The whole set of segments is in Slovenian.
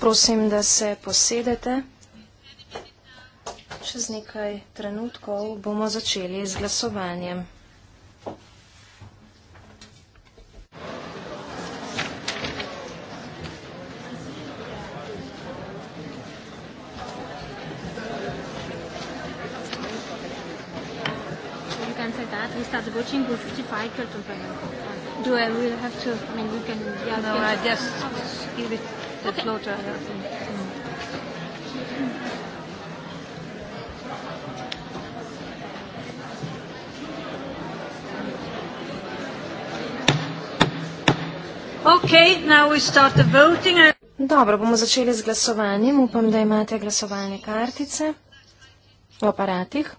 Prosim, da se posedete. Čez nekaj trenutkov bomo začeli z glasovanjem. Zdaj, da bo čim bolj Do I really have to? I mean, you can. Yeah, no, can I just give it the okay. floor to her. Mm. Okay, now we start the voting. Dobro, bomo začeli z glasovanjem. Upam, da imate glasovalne kartice v aparatih,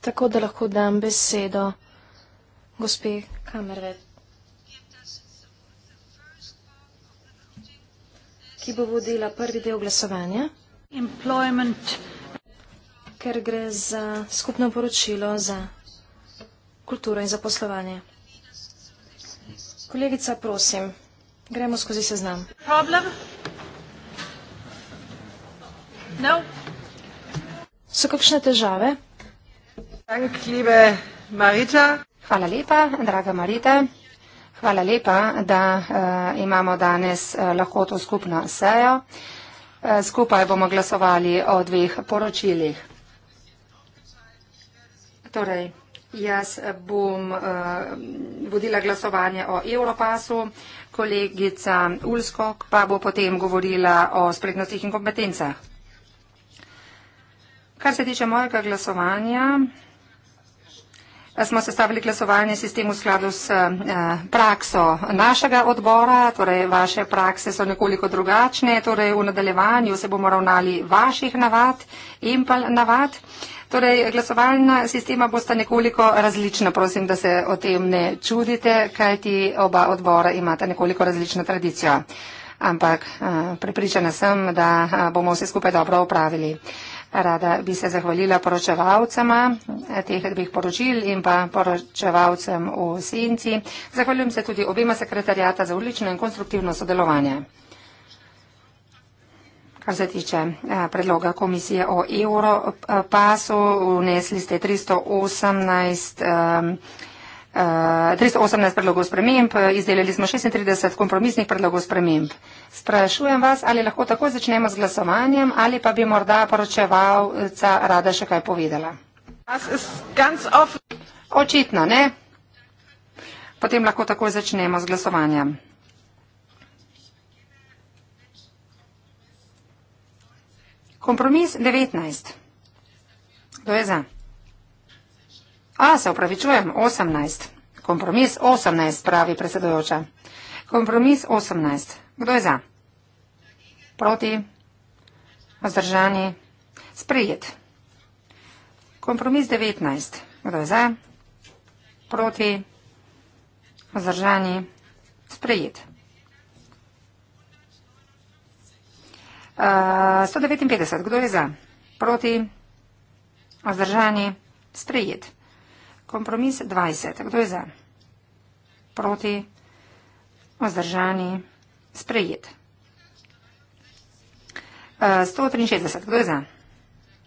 tako da lahko dam besedo gospe Kamerved, ki bo vodila prvi del glasovanja, ker gre za skupno poročilo za kulturo in zaposlovanje. Kolegica, prosim, gremo skozi seznam. No. So kakšne težave? Dank, liebe Marita. Hvala lepa, draga Marita. Hvala lepa, da uh, imamo danes uh, lahko to skupno sejo. Uh, skupaj bomo glasovali o dveh poročilih. Torej, jaz bom uh, vodila glasovanje o Europasu, kolegica Ulskog pa bo potem govorila o spretnostih in kompetencah. Kar se tiče mojega glasovanja, smo sestavili glasovanje sistem v skladu s eh, prakso našega odbora, torej vaše prakse so nekoliko drugačne, torej v nadaljevanju se bomo ravnali vaših navad in pa navad. Torej, glasovalna sistema bosta nekoliko različna, prosim, da se o tem ne čudite, kajti oba odbora imata nekoliko različno tradicijo. Ampak eh, pripričana sem, da eh, bomo vse skupaj dobro upravili. Rada bi se zahvalila poročevalcema teh dveh poročil in pa poročevalcem v Senci. Zahvaljujem se tudi obema sekretarjata za odlično in konstruktivno sodelovanje. Kar se tiče eh, predloga komisije o Europasu, vnesli ste 318. 318 eh, predlogov sprememb, izdelali smo 36 kompromisnih predlogov sprememb. Sprašujem vas, ali lahko tako začnemo z glasovanjem ali pa bi morda poročevalca rada še kaj povedala. Očitno, ne? Potem lahko tako začnemo z glasovanjem. Kompromis 19. Kdo je za? A, se upravičujem, 18. Kompromis 18, pravi predsedujoča. Kompromis 18. Kdo je za? Proti? Vzdržani? Sprijet. Kompromis 19. Kdo je za? Proti? Vzdržani? Sprijet. 159. Kdo je za? Proti? Vzdržani? Sprijet. Kompromis 20. Kdo je za? Proti? Ozdržani? Sprejet. 163. E, Kdo je za?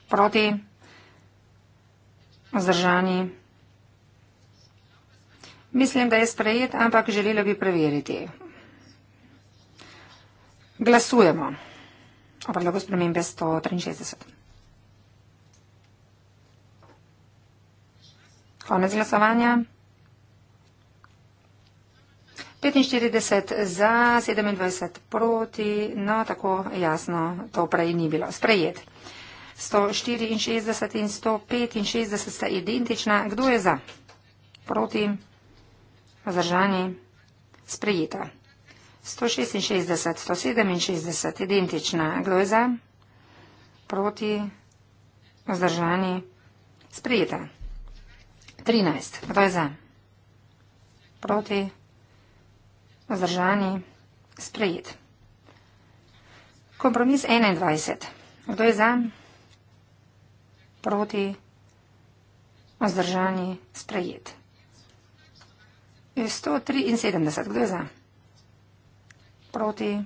Proti? Ozdržani? Mislim, da je sprejet, ampak želela bi preveriti. Glasujemo. O predlogu spremembe 163. Konec glasovanja. 45 za, 27 proti, no tako jasno to prej ni bilo. Sprejet. 164 in 165 sta identična. Kdo je za? Proti? Zdržani? Sprejeta. 166, 167 identična. Kdo je za? Proti? Zdržani? Sprejeta. 13. Kdo je za? Proti? Vzdržani? Sprejet. Kompromis 21. Kdo je za? Proti? Vzdržani? Sprejet. 173. Kdo je za? Proti?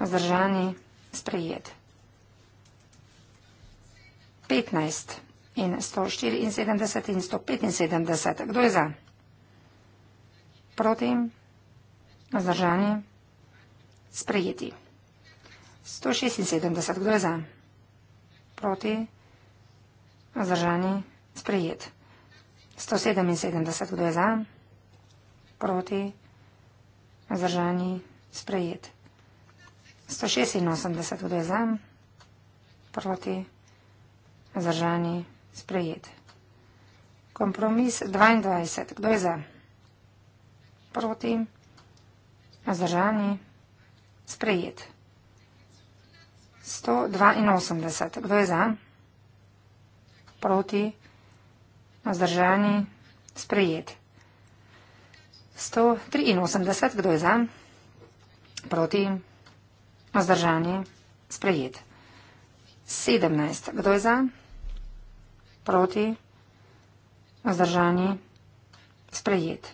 Vzdržani? Sprejet. 15. 15 in 174 in 175. Kdo je za? Proti? Zdržani? Sprejeti. 176. Kdo je za? Proti? Zdržani? Sprejet. 177. Kdo je za? Proti? Zdržani? Sprejet. 186. Kdo je za? Proti? Zdržani? Sprejet sprejet. Kompromis 22. Kdo je za? Proti? Zdržani? Sprejet. 182. Kdo je za? Proti? Zdržani? Sprejet. 183. Kdo je za? Proti? Zdržani? Sprejet. 17. Kdo je za? Proti? proti, vzdržani, sprejet.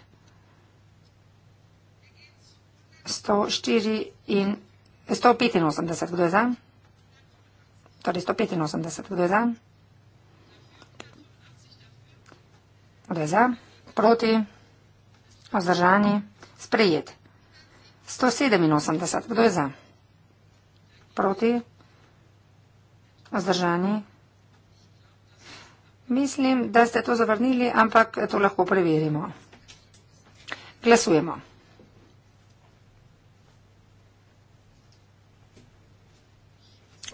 104 in 185, kdo je za? Torej 185, kdo je za? Kdo je za? Proti, vzdržani, sprejet. 187, kdo je za? Proti, vzdržani, sprejet. Mislim, da ste to zavrnili, ampak to lahko preverimo. Glasujemo.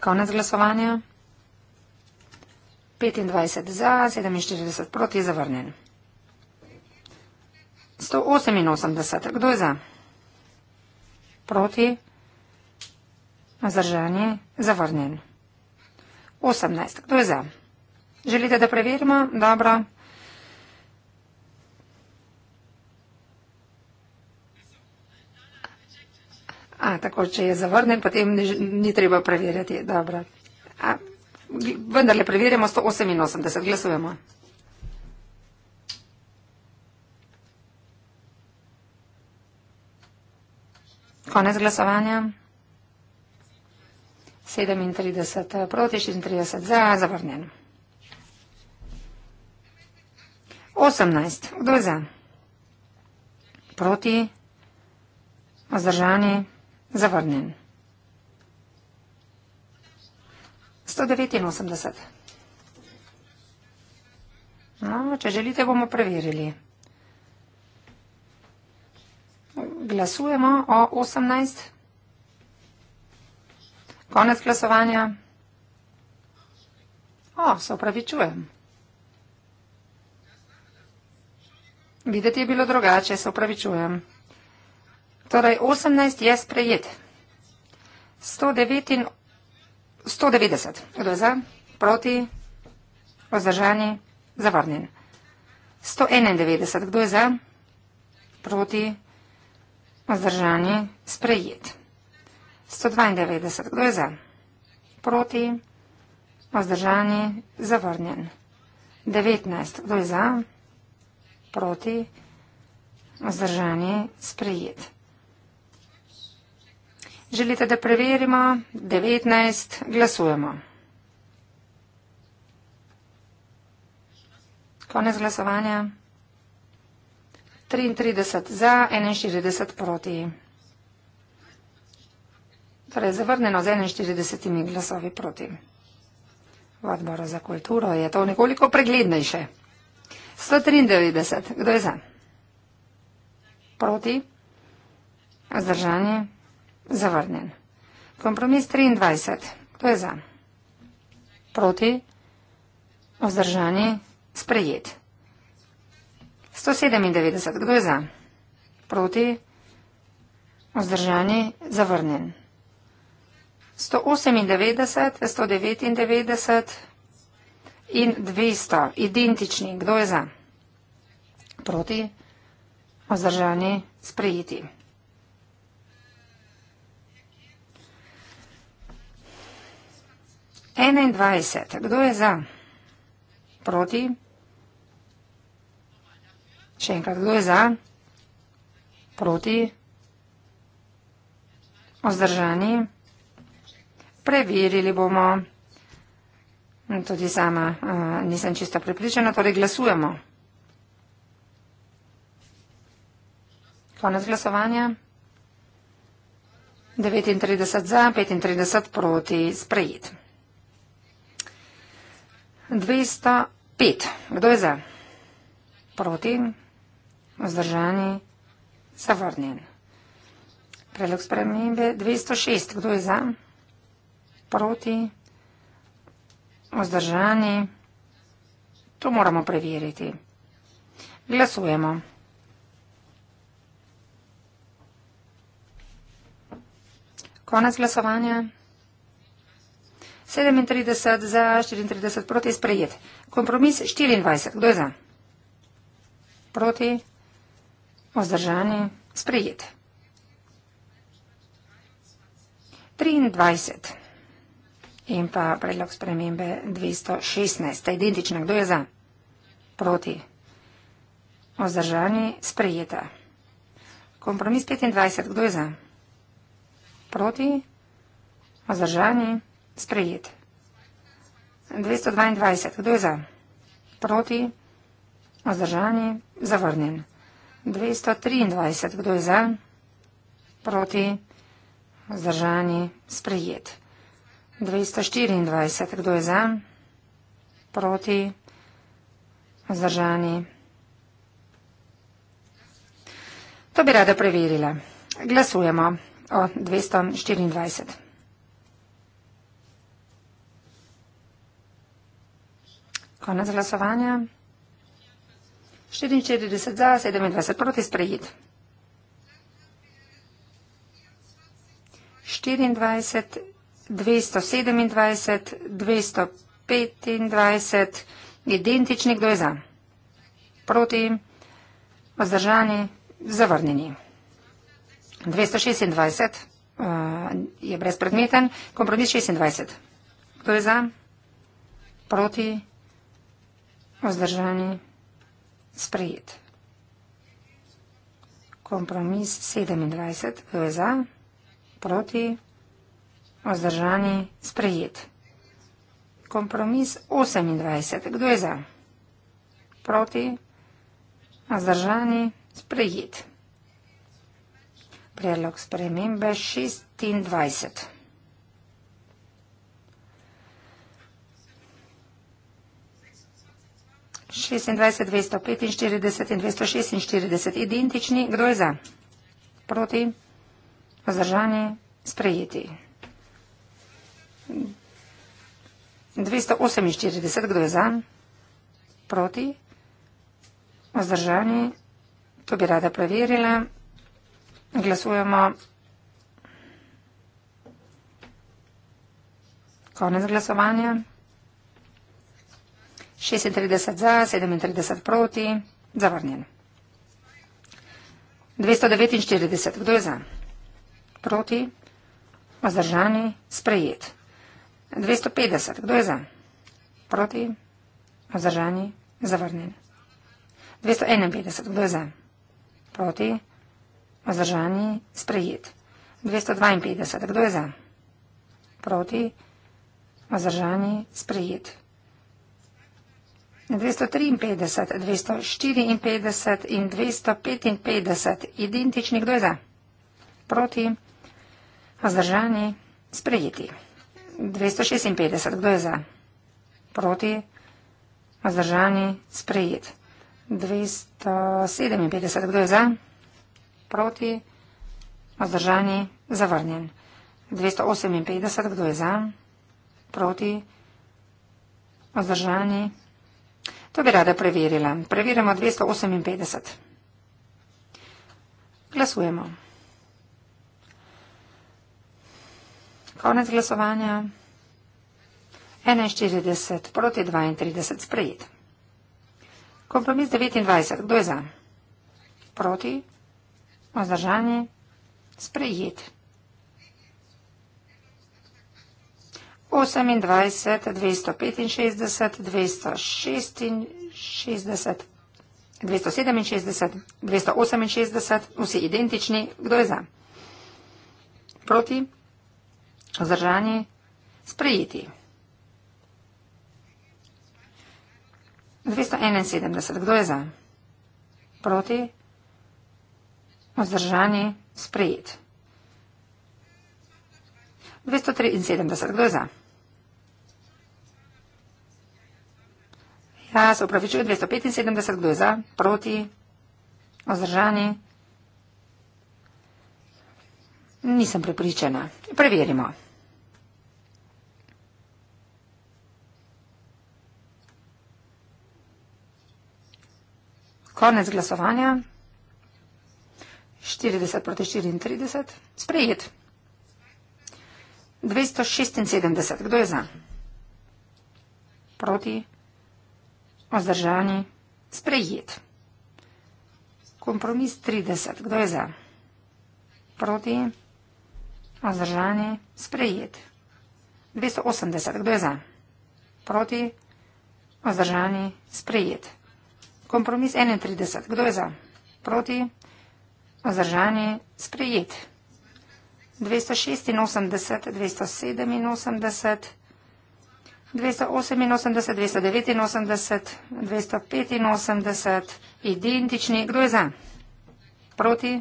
Konec glasovanja. 25 za, 47 proti, zavrnjen. 188. Kdo je za? Proti. Zdržanje, zavrnjen. 18. Kdo je za? Želite, da preverimo? Dobro. A, tako, če je zavrnen, potem ni, ni treba preverjati. Dobro. A, vendarle preverjamo 188, glasujemo. Konec glasovanja. 37 proti 36 za zavrnjeno. 18. Kdo je za? Proti? Vzdržani? Zavrnjen. 189. No, če želite, bomo preverili. Glasujemo o 18. Konec glasovanja. O, se upravičujem. Videti je bilo drugače, se upravičujem. Torej, 18 je sprejet. 190. Kdo je za? Proti? Ozdržani? Zavrnjen. 191. Kdo je za? Proti? Ozdržani? Sprejet. 192. Kdo je za? Proti? Ozdržani? Zavrnjen. 19. Kdo je za? Proti? proti, vzdržan je sprejet. Želite, da preverimo? 19, glasujemo. Konec glasovanja. 33 za, 41 proti. Torej, zavrneno z 41 glasovi proti. V odboru za kulturo je to nekoliko preglednejše. 193. Kdo je za? Proti? Zdržanje? Zavrnjen. Kompromis 23. Kdo je za? Proti? Vzdržanje? Sprejet. 197. Kdo je za? Proti? Vzdržanje? Zavrnjen. 198, 199 in 200, identični. Kdo je za? Proti? Ozdržani? Sprejeti. Enaindvajset. Kdo je za? Proti? Še enkrat. Kdo je za? Proti? Ozdržani? Preverili bomo. Tudi sama uh, nisem čisto pripričana, torej glasujemo. Konec glasovanja. 39 za, 35 proti, sprejet. 205. Kdo je za? Proti, vzdržani, zavrnjen. Predlog spremembe 206. Kdo je za? Proti. Vzdržani. To moramo preveriti. Glasujemo. Konec glasovanja. 37 za, 34 proti, sprejet. Kompromis 24. Kdo je za? Proti. Vzdržani. Sprejet. 23 in pa predlog spremembe 216. Ta identična, kdo je za? Proti. Ozdržani, sprejeta. Kompromis 25, kdo je za? Proti. Ozdržani, sprejet. 222, kdo je za? Proti. Ozdržani, zavrnjen. 223, kdo je za? Proti. Zdržani sprejet. 224. Kdo je za? Proti? Zdržani? To bi rada preverila. Glasujemo o 224. Konec glasovanja. 44 za, 27 proti sprejit. 24 227, 225, identični, kdo je za? Proti, vzdržani, zavrnjeni. 226 uh, eh, je brezpredmeten, kompromis 26. Kdo je za? Proti, vzdržani, sprejet. Kompromis 27, kdo je za? Proti, vzdržani. Vzdržani sprejet. Kompromis 28. Kdo je za? Proti? Vzdržani sprejet. Predlog spremembe 26. Šestindvajset, dvesto petinštirideset in dvesto šestinštirideset identični. Kdo je za? Proti? Vzdržani? Sprejeti. 248, kdo je za, proti, vzdržani, to bi rada preverila. Glasujemo. Konec glasovanja. 36 za, 37 proti, zavrnjen. 249, kdo je za? Proti, vzdržani, sprejet. 250. Kdo je za? Proti? Vzdržani? Zavrnjeni. 251. Kdo je za? Proti? Vzdržani? Sprejet. 252. Kdo je za? Proti? Vzdržani? Sprejet. 253, 254 in 255. Identični, kdo je za? Proti, vzdržani, sprejeti. 256. Kdo je za? Proti? Vzdržani? Sprejet. 257. Kdo je za? Proti? Vzdržani? Zavrnjen. 258. Kdo je za? Proti? Vzdržani? To bi rada preverila. Preverimo 258. Glasujemo. 258. Konec glasovanja. 41 proti 32 sprejet. Kompromis 29. Kdo je za? Proti? Ozdržanje? Sprejet. 28, 265, 266, 267, 268, vsi identični. Kdo je za? Proti? Vzdržani, sprejeti. 271. Kdo je za? Proti? Vzdržani, sprejet. 273. Kdo je za? Ja, se upravičuje. 275. Kdo je za? Proti? Vzdržani, sprejeti. Nisem prepričana. Preverimo. Konec glasovanja. 40 proti 34. Sprejet. 276. Kdo je za? Proti. Ozdržani. Sprejet. Kompromis 30. Kdo je za? Proti. Vzdržanje. Sprejet. 280. Kdo je za? Proti. Vzdržanje. Sprejet. Kompromis 31. Kdo je za? Proti. Vzdržanje. Sprejet. 286, 287, 288, 289, 285, identični. Kdo je za? Proti.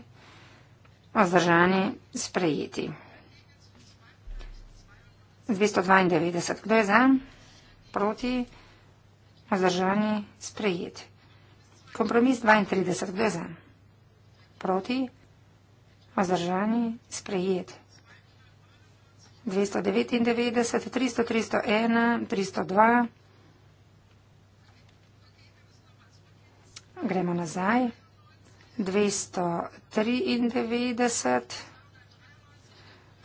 Vzdržanje. Sprejeti. 292. Kdo je za? Proti? Vzdržani? Sprejet. Kompromis 32. Kdo je za? Proti? Vzdržani? Sprejet. 299, 300, 301, 302. Gremo nazaj. 293.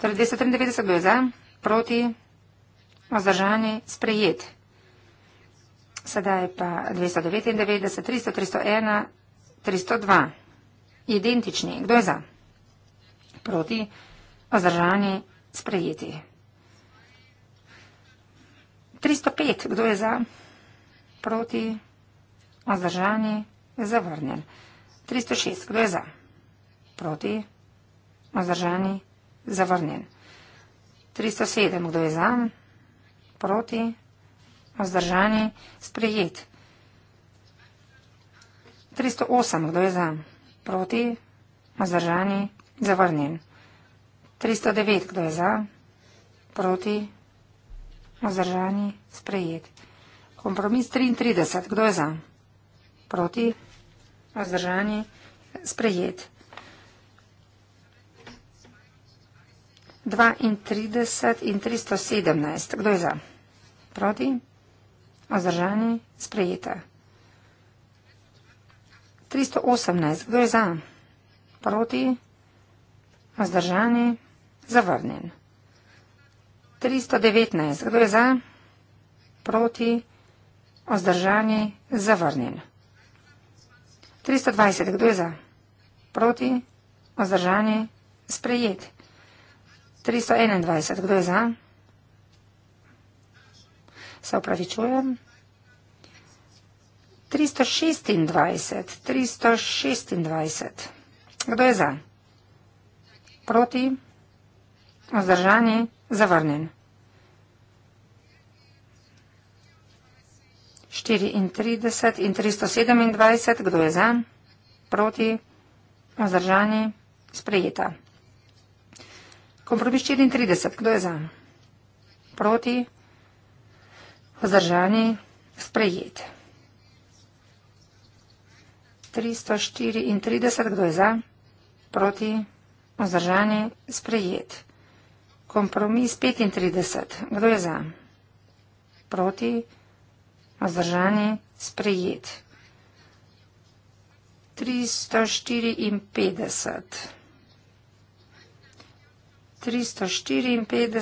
Torej 293, kdo je za? proti, vzdržani, sprejet. Sedaj pa 299, 300, 301, 302. Identični. Kdo je za? Proti, vzdržani, sprejeti. 305. Kdo je za? Proti, vzdržani, zavrnjen. 306. Kdo je za? Proti, vzdržani, zavrnjen. 307, kdo je za, proti, vzdržani, sprejet. 308, kdo je za, proti, vzdržani, zavrnjen. 309, kdo je za, proti, vzdržani, sprejet. Kompromis 33, kdo je za, proti, vzdržani, sprejet. 32 in 317. Kdo je za? Proti? Ozdržani? Sprejete. 318. Kdo je za? Proti? Ozdržani? Zavrnjen. 319. Kdo je za? Proti? Ozdržani? Zavrnjen. 320. Kdo je za? Proti? Ozdržani? Sprejeti. 321, kdo je za? Se upravičujem. 326, 326. Kdo je za? Proti? Ozdržani? Zavrnjen. 34 in 327. Kdo je za? Proti? Ozdržani? Sprejeta. Kompromis 34. Kdo je za? Proti? Vzdržani? Sprejet. 334. Kdo je za? Proti? Vzdržani? Sprejet. Kompromis 35. Kdo je za? Proti? Vzdržani? Sprejet. 354. 354,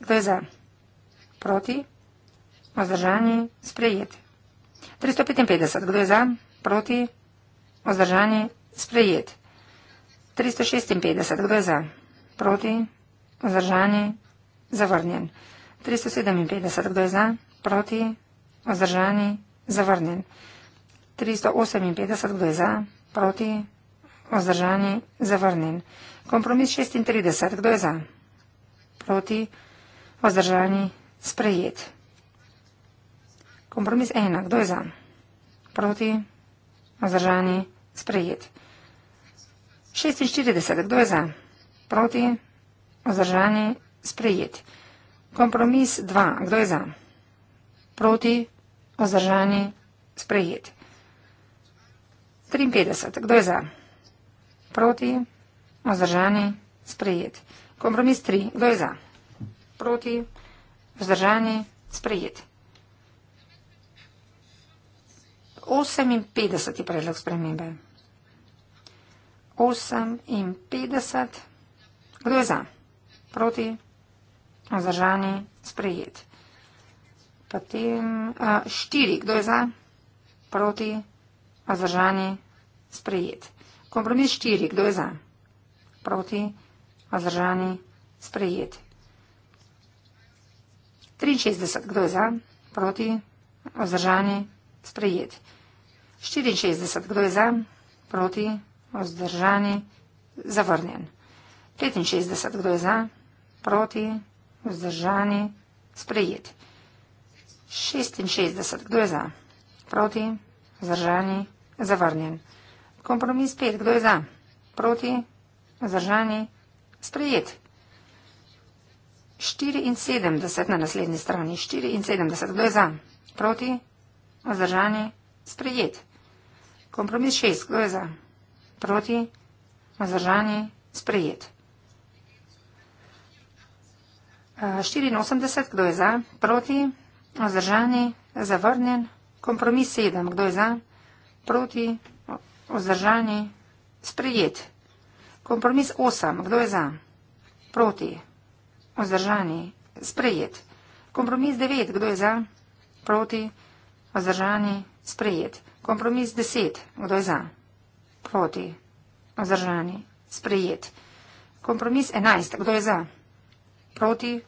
kdo je za? Proti? Ozdržani? Sprejet. 355, kdo je za? Proti? Ozdržani? Sprejet. 356, kdo je za? Proti? Ozdržani? Zavrnjen. 357, kdo je za? Proti? Ozdržani? Zavrnjen. 358, kdo je za? Proti? Ozdržani? Zavrnjen. Kompromis 36. Kdo je za? Proti? Ozdržani? Sprejet. Kompromis 1. Kdo je za? Proti? Ozdržani? Sprejet. 46. Kdo je za? Proti? Ozdržani? Sprejet. Kompromis 2. Kdo je za? Proti? Ozdržani? Sprejet. 53. Kdo je za? Proti? Ozdržani? Sprejet. Vzdržani? Sprejet. Kompromis 3. Kdo je za? Proti? Vzdržani? Sprejet. 58 je predlog spremembe. 58. Kdo je za? Proti? Vzdržani? Sprejet. Potem 4. Kdo je za? Proti? Vzdržani? Sprejet. Kompromis 4. Kdo je za? proti vzdržani sprejeti. 63, kdo je za, proti vzdržani sprejeti. 64, kdo je za, proti vzdržani zavrnjen. 65, kdo je za, proti vzdržani sprejeti. 66, kdo je za, proti vzdržani zavrnjen. Kompromis 5, kdo je za, proti vzdržani sprejeti zdržani, sprejet. 74 na naslednji strani, 74, kdo je za? Proti, vzdržani, sprejet. Kompromis 6, kdo je za? Proti, vzdržani, sprejet. 84, e, kdo je za? Proti, vzdržani, zavrnjen. Kompromis 7, kdo je za? Proti, vzdržani, sprejet. Kompromis 8. Kdo je za? Proti. Ozdržani. Sprejet. Kompromis 9. Kdo je za? Proti. Ozdržani. Sprejet. Kompromis 10. Kdo je za? Proti. Ozdržani. Sprejet. Kompromis 11. Kdo je za? Proti.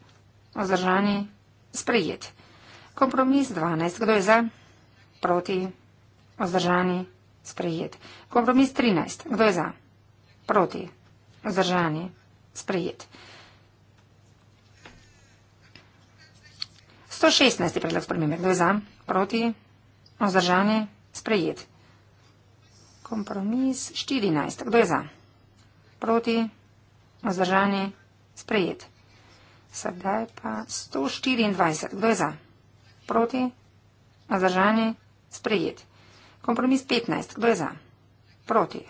Ozdržani. Sprejet. Kompromis 12. Kdo je za? Proti. Ozdržani. Sprejet. Kompromis 13. Kdo je za? Proti. Proti. Vzdržani. Sprejet. 116. predlog spremembe. Kdo je za? Proti. Vzdržani. Sprejet. Kompromis 14. Kdo je za? Proti. Vzdržani. Sprejet. Sedaj pa 124. Kdo je za? Proti. Vzdržani. Sprejet. Kompromis 15. Kdo je za? Proti.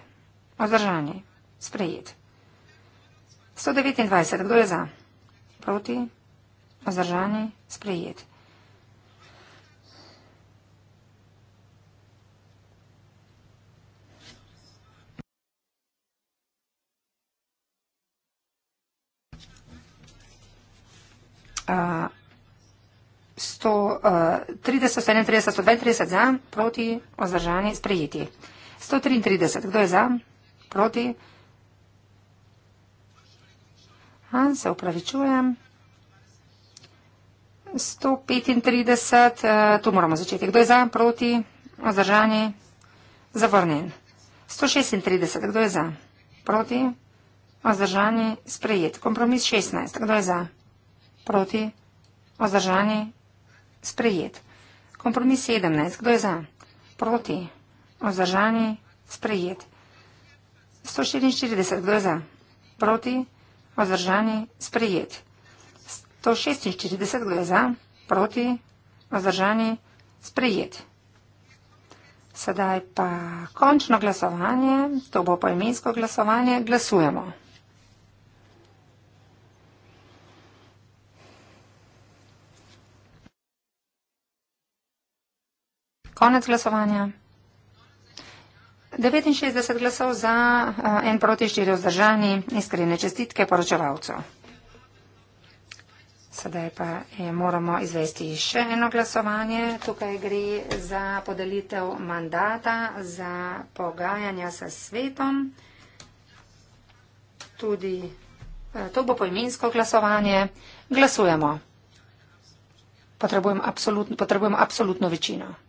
Vzdržani sprejet. 129. Kdo je za? Proti? Ozdržani? Sprejet. Uh, 130, 131, 132 za, proti, ozdržani, sprejeti. 133, kdo je za, proti, ozdržani, sprejeti. Han, se upravičujem. 135, tu moramo začeti. Kdo je za, proti, vzdržani, zavrnjen. 136, kdo je za, proti, vzdržani, sprejet. Kompromis 16, kdo je za, proti, vzdržani, sprejet. Kompromis 17, kdo je za, proti, vzdržani, sprejet. 144, kdo je za, proti, vzdržani, sprejet. Vzdržani sprejet. 146 glede za, proti, vzdržani sprejet. Sedaj pa končno glasovanje, to bo poimensko glasovanje, glasujemo. Konec glasovanja. 69 glasov za, eh, en proti, štiri vzdržani. Iskrene čestitke poročevalcu. Sedaj pa eh, moramo izvesti še eno glasovanje. Tukaj gre za podelitev mandata za pogajanja s svetom. Tudi eh, to bo poimensko glasovanje. Glasujemo. Potrebujemo absolutno, potrebujem absolutno večino.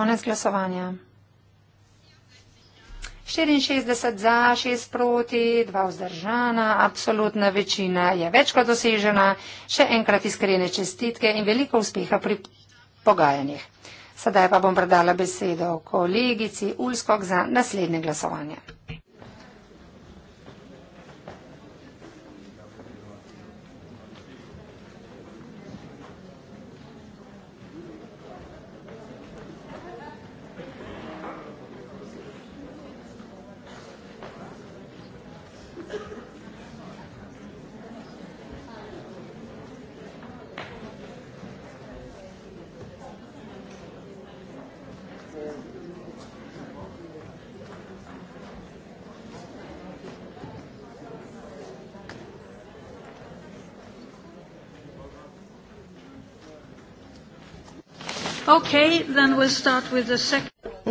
Konec glasovanja. 64 za, 6 proti, 2 vzdržana, absolutna večina je več kot dosežena. Še enkrat iskrene čestitke in veliko uspeha pri pogajanjih. Sedaj pa bom predala besedo kolegici Ulskog za naslednje glasovanje.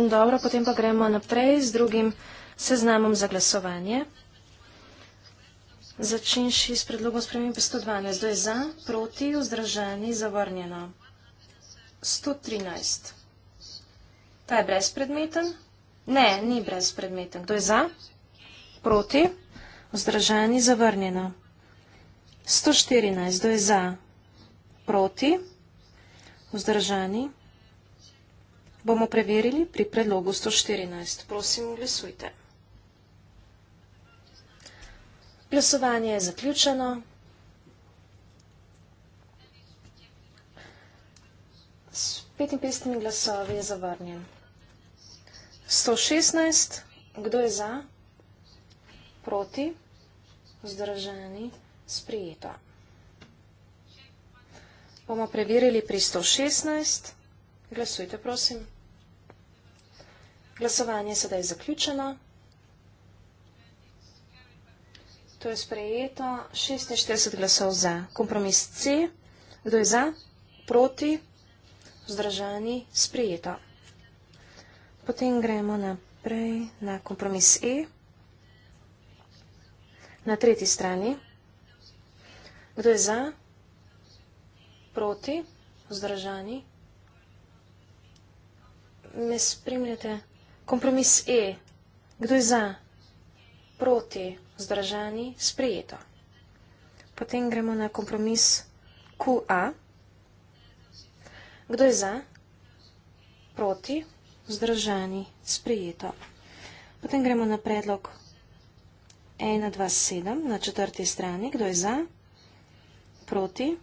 Dobro, potem pa gremo naprej z drugim seznamom za glasovanje. Začinši s predlogom spremenim 112. Zdaj za, proti, vzdržani, zavrnjeno. 113. Ta je brezpredmeten? Ne, ni brezpredmeten. Kdo je za? Proti. Vzdržani, zavrnjeno. 114. Kdo je za? Proti. Vzdržani, zavrnjeno bomo preverili pri predlogu 114. Prosim, glasujte. Glasovanje je zaključeno. S 55 glasovi je zavrnjen. 116. Kdo je za? Proti? Zdraženi? Sprijeto. Bomo preverili pri 116. 116. Glasujte, prosim. Glasovanje je sedaj zaključeno. To je sprejeto. 46 glasov za. Kompromis C. Kdo je za? Proti. Zdražani. Sprejeto. Potem gremo naprej na kompromis E. Na tretji strani. Kdo je za? Proti. Zdražani. Sprejeto me spremljate, kompromis E, kdo je za, proti, zdržani, sprejeto. Potem gremo na kompromis QA, kdo je za, proti, zdržani, sprejeto. Potem gremo na predlog 1.2.7 na četrti strani, kdo je za, proti,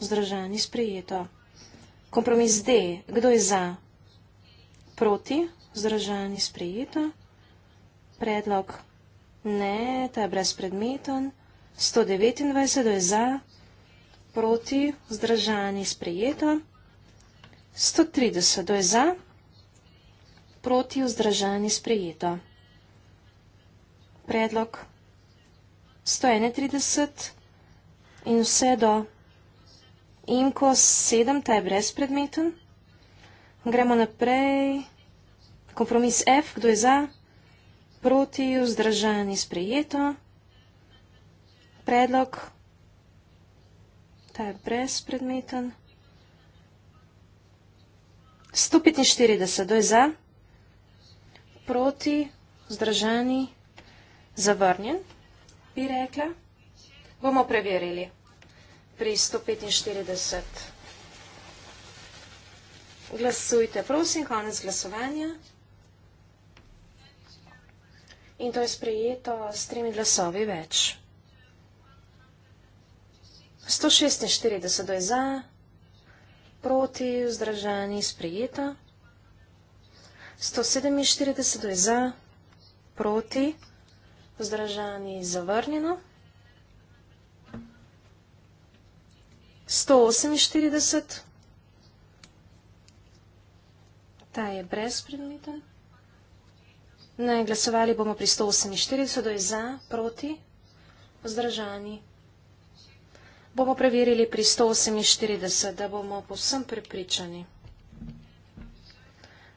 zdržani, sprejeto. Kompromis D, kdo je za, proti, zdržani, sprejeto proti, vzdržani, sprejeta, predlog ne, ta je brezpredmeten, 129, to je za, proti, vzdržani, sprejeta, 130, to je za, proti, vzdržani, sprejeta, predlog 131 in vse do in ko sedem, ta je brezpredmeten, Gremo naprej. Kompromis F, kdo je za? Proti, vzdržani, sprejeto. Predlog. Ta je brezpredmeten. 145, kdo je za? Proti, vzdržani, zavrnjen, bi rekla. Bomo preverili pri 145 glasujte, prosim, konec glasovanja. In to je sprejeto s tremi glasovi več. 146 je za, proti, vzdržani, sprejeto. 147 je za, proti, vzdržani, zavrnjeno. 148 je za, proti, vzdržani, zavrnjeno. Ta je brezpredmeten. Ne, glasovali bomo pri 148, kdo je za, proti, vzdržani. Bomo preverili pri 148, da bomo povsem prepričani.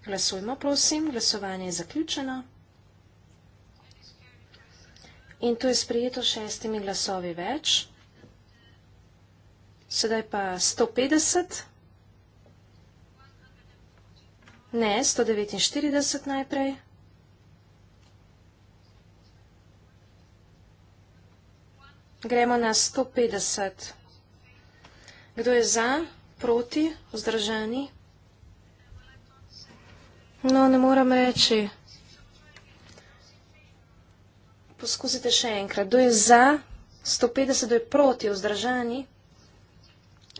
Glasujmo, prosim, glasovanje je zaključeno. In to je sprejeto šestimi glasovi več. Sedaj pa 150. Ne, 149 najprej. Gremo na 150. Kdo je za, proti, vzdržani? No, ne moram reči. Poskusite še enkrat. Kdo je za, 150, kdo je proti, vzdržani?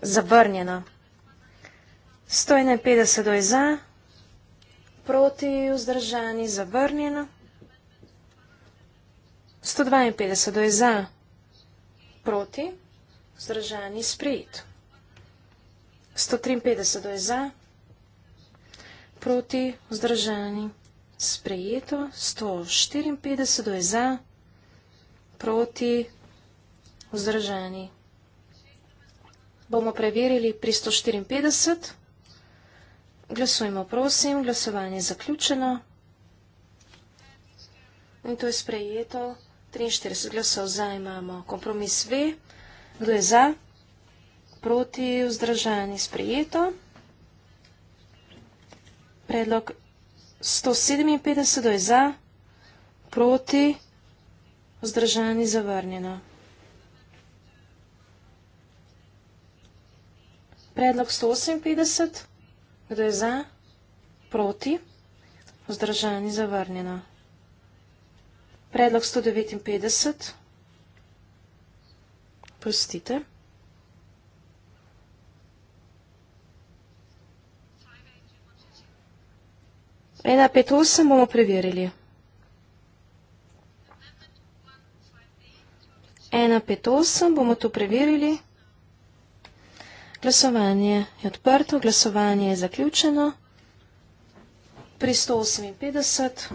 Zavrnjeno. 151 kdo je za, proti, vzdržani, zavrnjeno. 152 je za, proti, vzdržani, sprijet. 153 je za, proti, vzdržani, sprijeto. 154 je za, proti, vzdržani. Bomo preverili pri 154. 154. Glasujemo, prosim. Glasovanje je zaključeno. In to je sprejeto. 43 glasov za imamo. Kompromis V. Kdo je za? Proti vzdržanje sprejeto. Predlog 157 je za, proti vzdržanje zavrnjeno. Predlog 158 je za. Kdo je za? Proti? Vzdržani zavrnjeno. Predlog 159. Pustite. Ena, pet, osem bomo preverili. Ena, pet, osem bomo to preverili. Glasovanje je odprto, glasovanje je zaključeno. Pri 158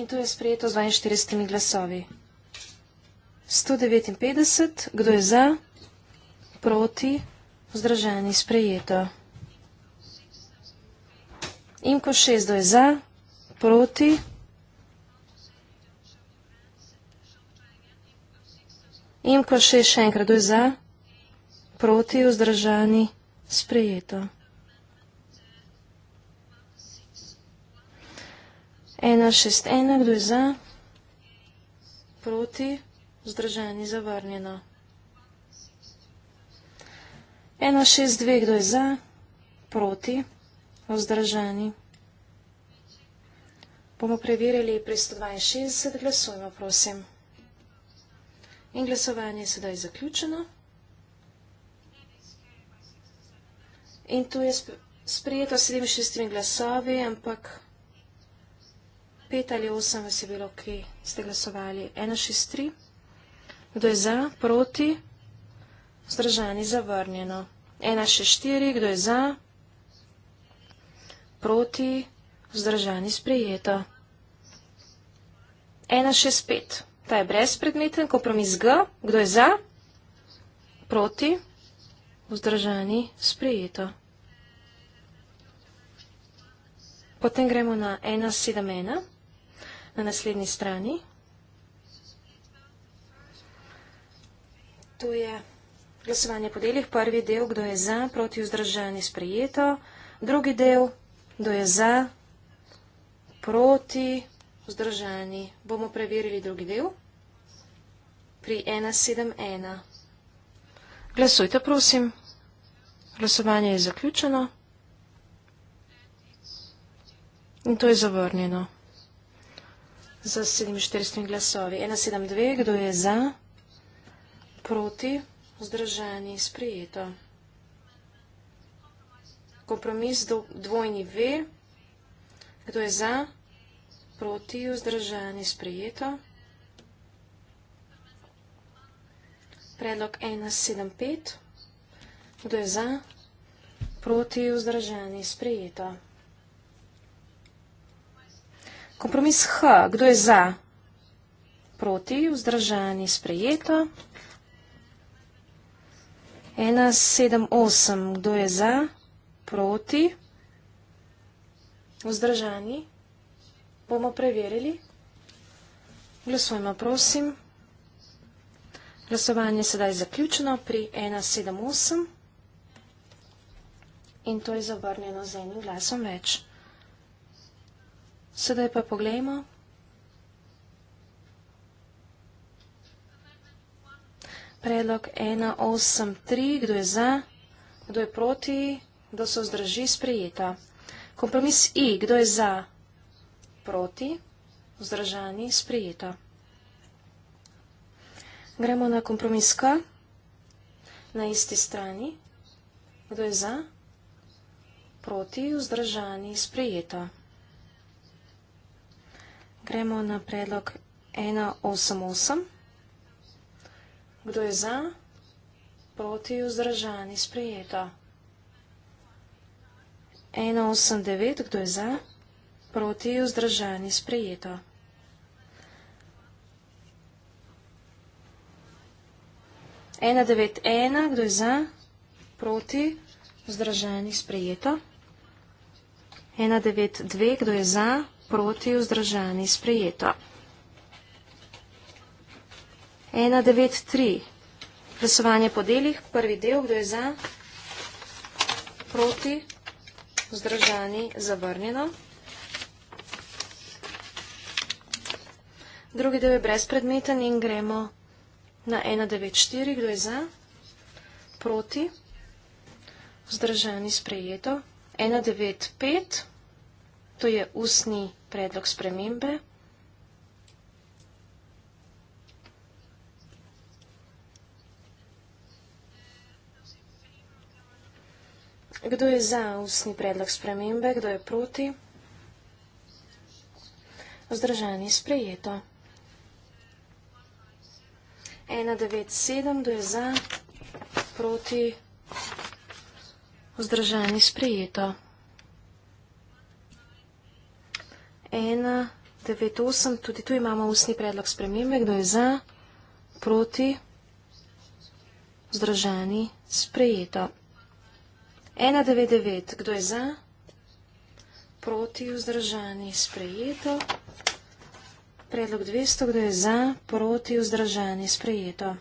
in to je sprejeto z 42 glasovi. 159, kdo je za, proti, vzdržani, sprejeto. Imko 6, kdo je za, proti. Imko 6, še enkrat, kdo je za, proti proti vzdržani sprejeto. Ena šest ena, kdo je za, proti vzdržani zavrnjeno. Ena šest dve, kdo je za, proti vzdržani. Bomo preverili pri 162, glasujmo prosim. In glasovanje je sedaj zaključeno. In to je sprejeto s 76 glasovi, ampak pet ali osem vas je bilo, ki ste glasovali. 163. Kdo je za, proti, zdržani, zavrnjeno. 164. Kdo je za, proti, zdržani, sprejeto. 165. Ta je brezpredmeten, kompromis G. Kdo je za, proti vzdržani, sprijeto. Potem gremo na 1.7.1 na naslednji strani. To je glasovanje po delih. Prvi del, kdo je za, proti vzdržani, sprijeto. Drugi del, kdo je za, proti vzdržani. Bomo preverili drugi del pri 1.7.1. Glasujte, prosim. Glasovanje je zaključeno. In to je zavrnjeno. Za 47 glasovi. 1,7,2. Kdo je za? Proti? Zdržani? Sprijeto. Kompromis dvojni V. Kdo je za? Proti? Zdržani? Sprijeto. Zdržani? predlog 175. Kdo je za? Proti vzdržani. Sprejeto. Kompromis H. Kdo je za? Proti vzdržani. Sprejeto. 178. Kdo je za? Proti vzdržani. Bomo preverili. Glasujmo, prosim. Glasovanje je sedaj zaključeno pri 178 in to je zavrnjeno z enim glasom več. Sedaj pa pogledajmo. Predlog 183, kdo je za, kdo je proti, kdo se vzdrži, sprejeta. Kompromis I, kdo je za, proti, vzdržani, sprejeta. Gremo na kompromis K, na isti strani. Kdo je za? Proti, vzdržani, sprejeto. Gremo na predlog 1.8.8. Kdo je za? Proti, vzdržani, sprejeto. 1.8.9. Kdo je za? Proti, vzdržani, sprejeto. 1.8.9. 191, kdo je za, proti, vzdržani, sprejeto. 192, kdo je za, proti, vzdržani, sprejeto. 193, glasovanje po delih, prvi del, kdo je za, proti, vzdržani, zavrnjeno. Drugi del je brezpredmeten in gremo na 194, kdo je za, proti, vzdržani sprejeto, 195, to je usni predlog spremembe, Kdo je za usni predlog spremembe, kdo je proti? Vzdržani sprejeto. 197, kdo je za, proti, vzdržani, sprejeto. 198, tudi tu imamo ustni predlog spremembe, kdo je za, proti, vzdržani, sprejeto. 199, kdo je za, proti, vzdržani, sprejeto. Predlog 200, kdo je za, proti, vzdržani, sprejeto.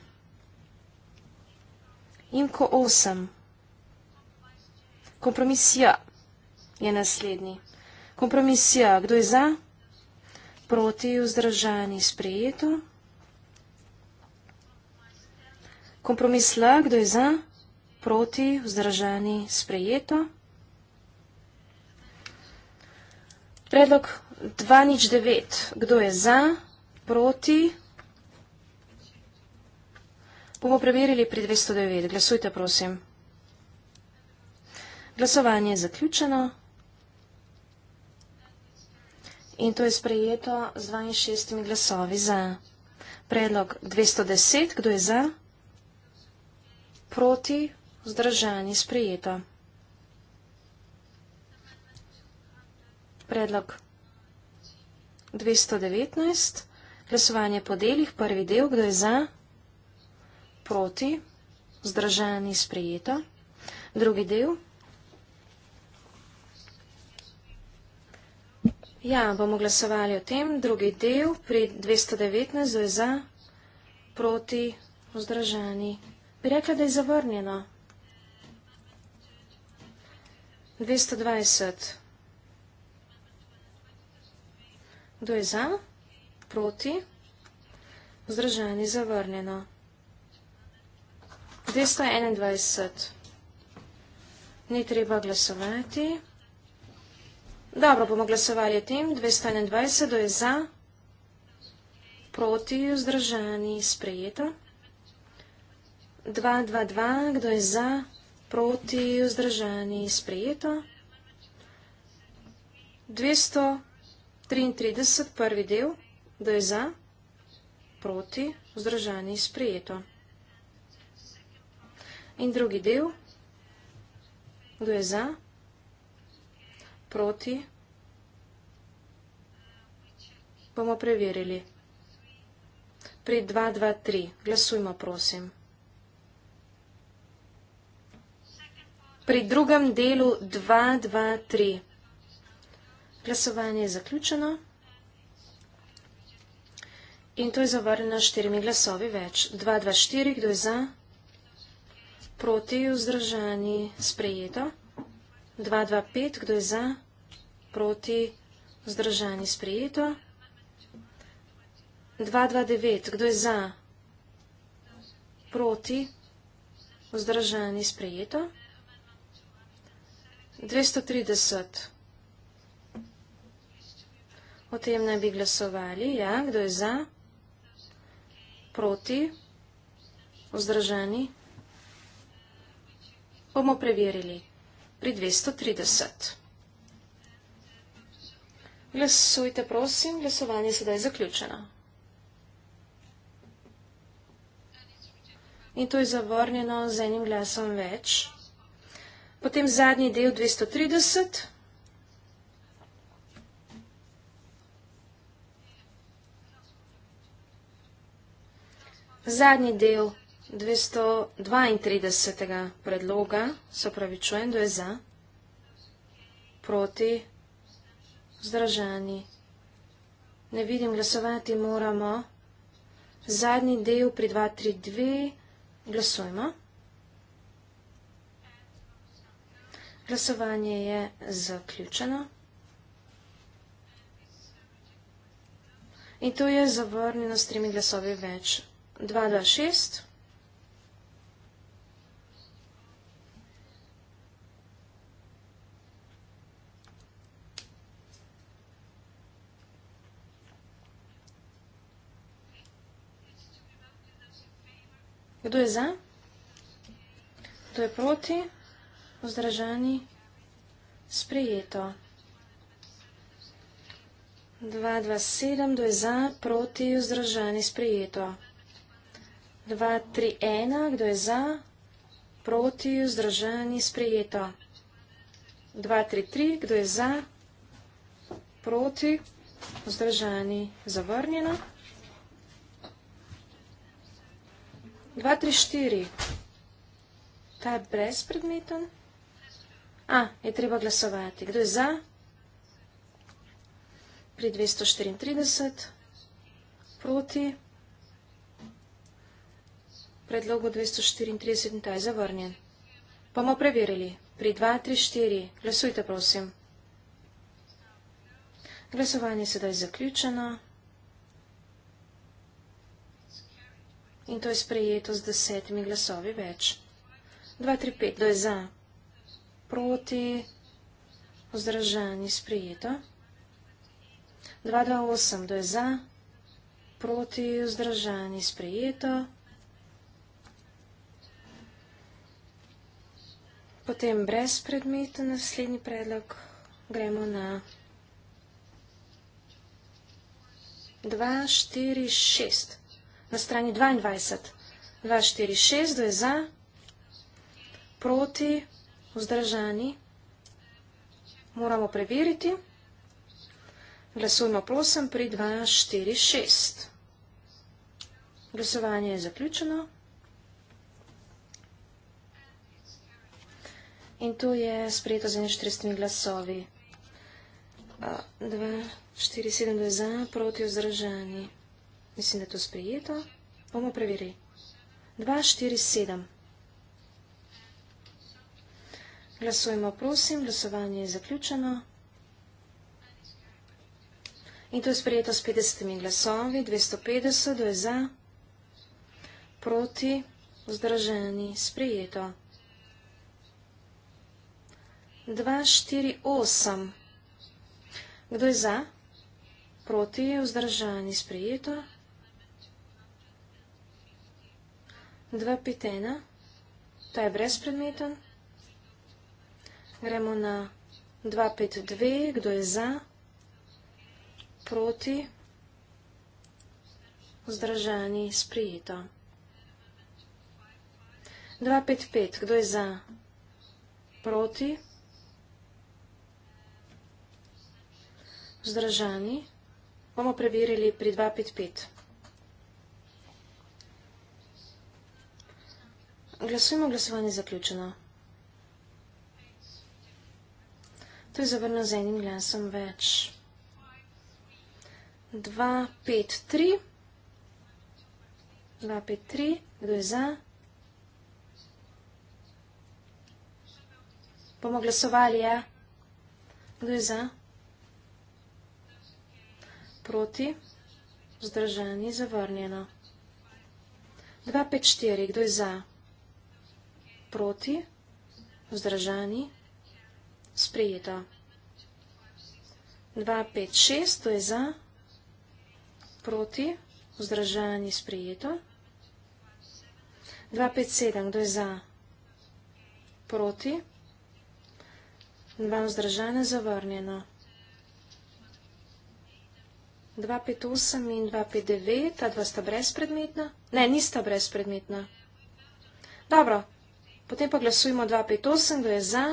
Imko 8. Kompromisija je naslednji. Kompromisija, kdo je za, proti, vzdržani, sprejeto. Kompromisla, kdo je za, proti, vzdržani, sprejeto. Predlog 2 nič 9. Kdo je za, proti? Bomo preverili pri 209. Glasujte, prosim. Glasovanje je zaključeno. In to je sprejeto z 26 glasovi za. Predlog 210. Kdo je za? Proti? Zdržanje sprejeto. Predlog 210. 219. Glasovanje po delih, prvi del, kdo je za, proti, zdržani, sprejeto. Drugi del. Ja, bomo glasovali o tem. Drugi del pri 219, kdo je za, proti, zdržani. Bi rekla, da je zavrnjeno. 220. Kdo je za? Proti? Vzdržani, zavrnjeno. 221. Ni treba glasovati. Dobro, bomo glasovali o tem. 221, kdo je za? Proti, vzdržani, sprejeto. 222, kdo je za? Proti, vzdržani, sprejeto. 200. 33, prvi del, da je za, proti, vzdržani, sprijeto. In drugi del, da je za, proti, bomo preverili. Pri 2, 2, 3, glasujmo, prosim. Pri drugem delu 2, 2, 3. Glasovanje je zaključeno in to je zavrljeno štirimi glasovi več. 2-2-4, kdo je za? Proti vzdržani sprejeto. 2-2-5, kdo je za? Proti vzdržani sprejeto. 2-2-9, kdo je za? Proti vzdržani sprejeto. 230, kdo je za? O tem naj bi glasovali, ja, kdo je za, proti, vzdržani, bomo preverili pri 230. Glasujte, prosim, glasovanje sedaj je zaključeno. In to je zavrnjeno z enim glasom več. Potem zadnji del 230. Zadnji del 232. predloga, se pravi čujem, da je za, proti, zdržani. Ne vidim, glasovati moramo. Zadnji del pri 232. Glasujmo. Glasovanje je zaključeno. In to je zavrnjeno s tremi glasovi več. 226. Kdo je za? Kdo je proti? Vzdržani? Sprejeto. 227. Kdo je za? Proti? Vzdržani? Sprejeto. 228. 2, 3, 1, kdo je za, proti, vzdržani, sprejeto. 2, 3, 3, kdo je za, proti, vzdržani, zavrnjeno. 2, 3, 4, ta je brezpredmeten. A, je treba glasovati. Kdo je za? Pri 234, proti, vzdržani predlogu 234 ta je zavrnjen. Bomo preverili. Pri 234 glasujte, prosim. Glasovanje je sedaj zaključeno. In to je sprejeto z desetimi glasovi več. 235, to je za, proti, vzdržani, sprejeto. 228, to je za, proti, vzdržani, sprejeto. potem brez predmeta naslednji predlog gremo na 2, 4, 6 na strani 22 2, 4, 6, kdo je za proti vzdržani moramo preveriti glasujmo prosim pri 2, 4, 6 glasovanje je zaključeno In to je sprejeto z 41 glasovi. 2, 4, 7, 2 za, proti vzdržani. Mislim, da je to sprejeto. Bomo preverili. 2, 4, 7. Glasujemo, prosim, glasovanje je zaključeno. In to je sprejeto s 50 glasovi, 250, 2 za, proti, vzdržani, sprejeto. 2, 4, 8. Kdo je za? Proti je vzdržani sprejeto. 2, 5, 1. To je brezpredmeten. Gremo na 2, 5, 2. Kdo je za? Proti. Vzdržani sprijeto. 2, 5, 5. Kdo je za? Proti. Proti. vzdržani, bomo preverili pri 2.5.5. Glasujemo, glasovanje je zaključeno. To je zavrno z enim glasom več. 2, 5, 3. 2, 5, 3. Kdo je za? Bomo glasovali, ja? Kdo je za? 2, 5, 3 proti, vzdržani, zavrnjeno. 2, 5, 4, kdo je za? Proti, vzdržani, sprijeto. 2, 5, 6, kdo je za? Proti, vzdržani, sprijeto. 2, 5, 7, kdo je za? Proti, 2, vzdržani, zavrnjeno. 2, 5, 7, kdo je za? 258 in 259, ta dva sta brezpredmetna. Ne, nista brezpredmetna. Dobro, potem pa glasujmo 258, kdo je za,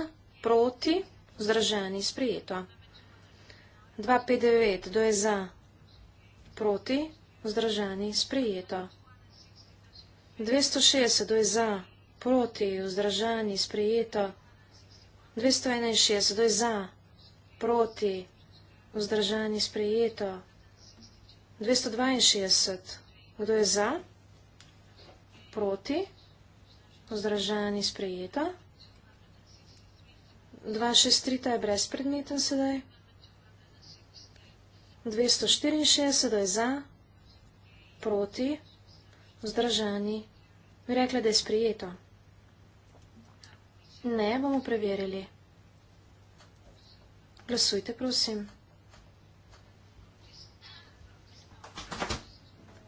proti, vzdržani, sprijeto. 259, kdo je za, proti, vzdržani, sprijeto. 260, kdo je za, proti, vzdržani, sprijeto. 261, kdo je za, proti, vzdržani, sprijeto. 262. Kdo je za? Proti? Vzdržani sprejeta. 263. Ta je brezpredmeten sedaj. 264. Kdo je za? Proti? Vzdržani. Mi rekla, da je sprejeto. Ne, bomo preverili. Glasujte, prosim. 263.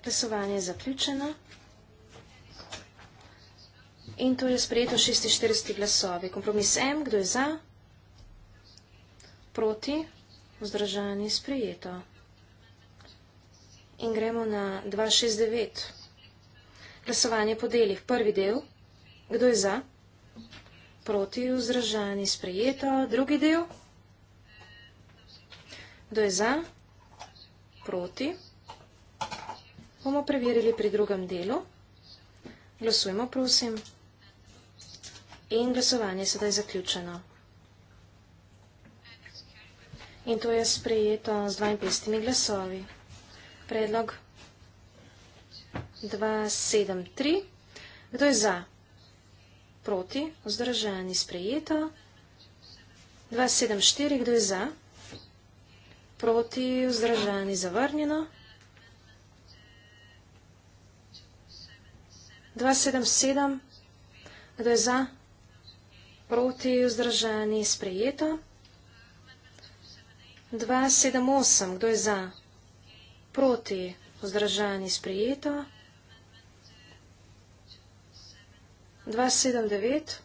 Glasovanje je zaključeno in to je sprejeto 46 glasovi. Kompromis M, kdo je za? Proti, vzdržanje sprejeto. In gremo na 269. Glasovanje po delih. Prvi del, kdo je za? Proti, vzdržanje sprejeto. Drugi del, kdo je za? Proti, vzdržanje sprejeto bomo preverili pri drugem delu. Glasujemo, prosim. In glasovanje je sedaj zaključeno. In to je sprejeto z 52 glasovi. Predlog 273. Kdo je za? Proti? Vzdržani sprejeto. 274. Kdo je za? Proti? Vzdržani zavrnjeno. 277, kdo je za, proti, vzdržani, sprejeto. 278, kdo je za, proti, vzdržani, sprejeto. 279,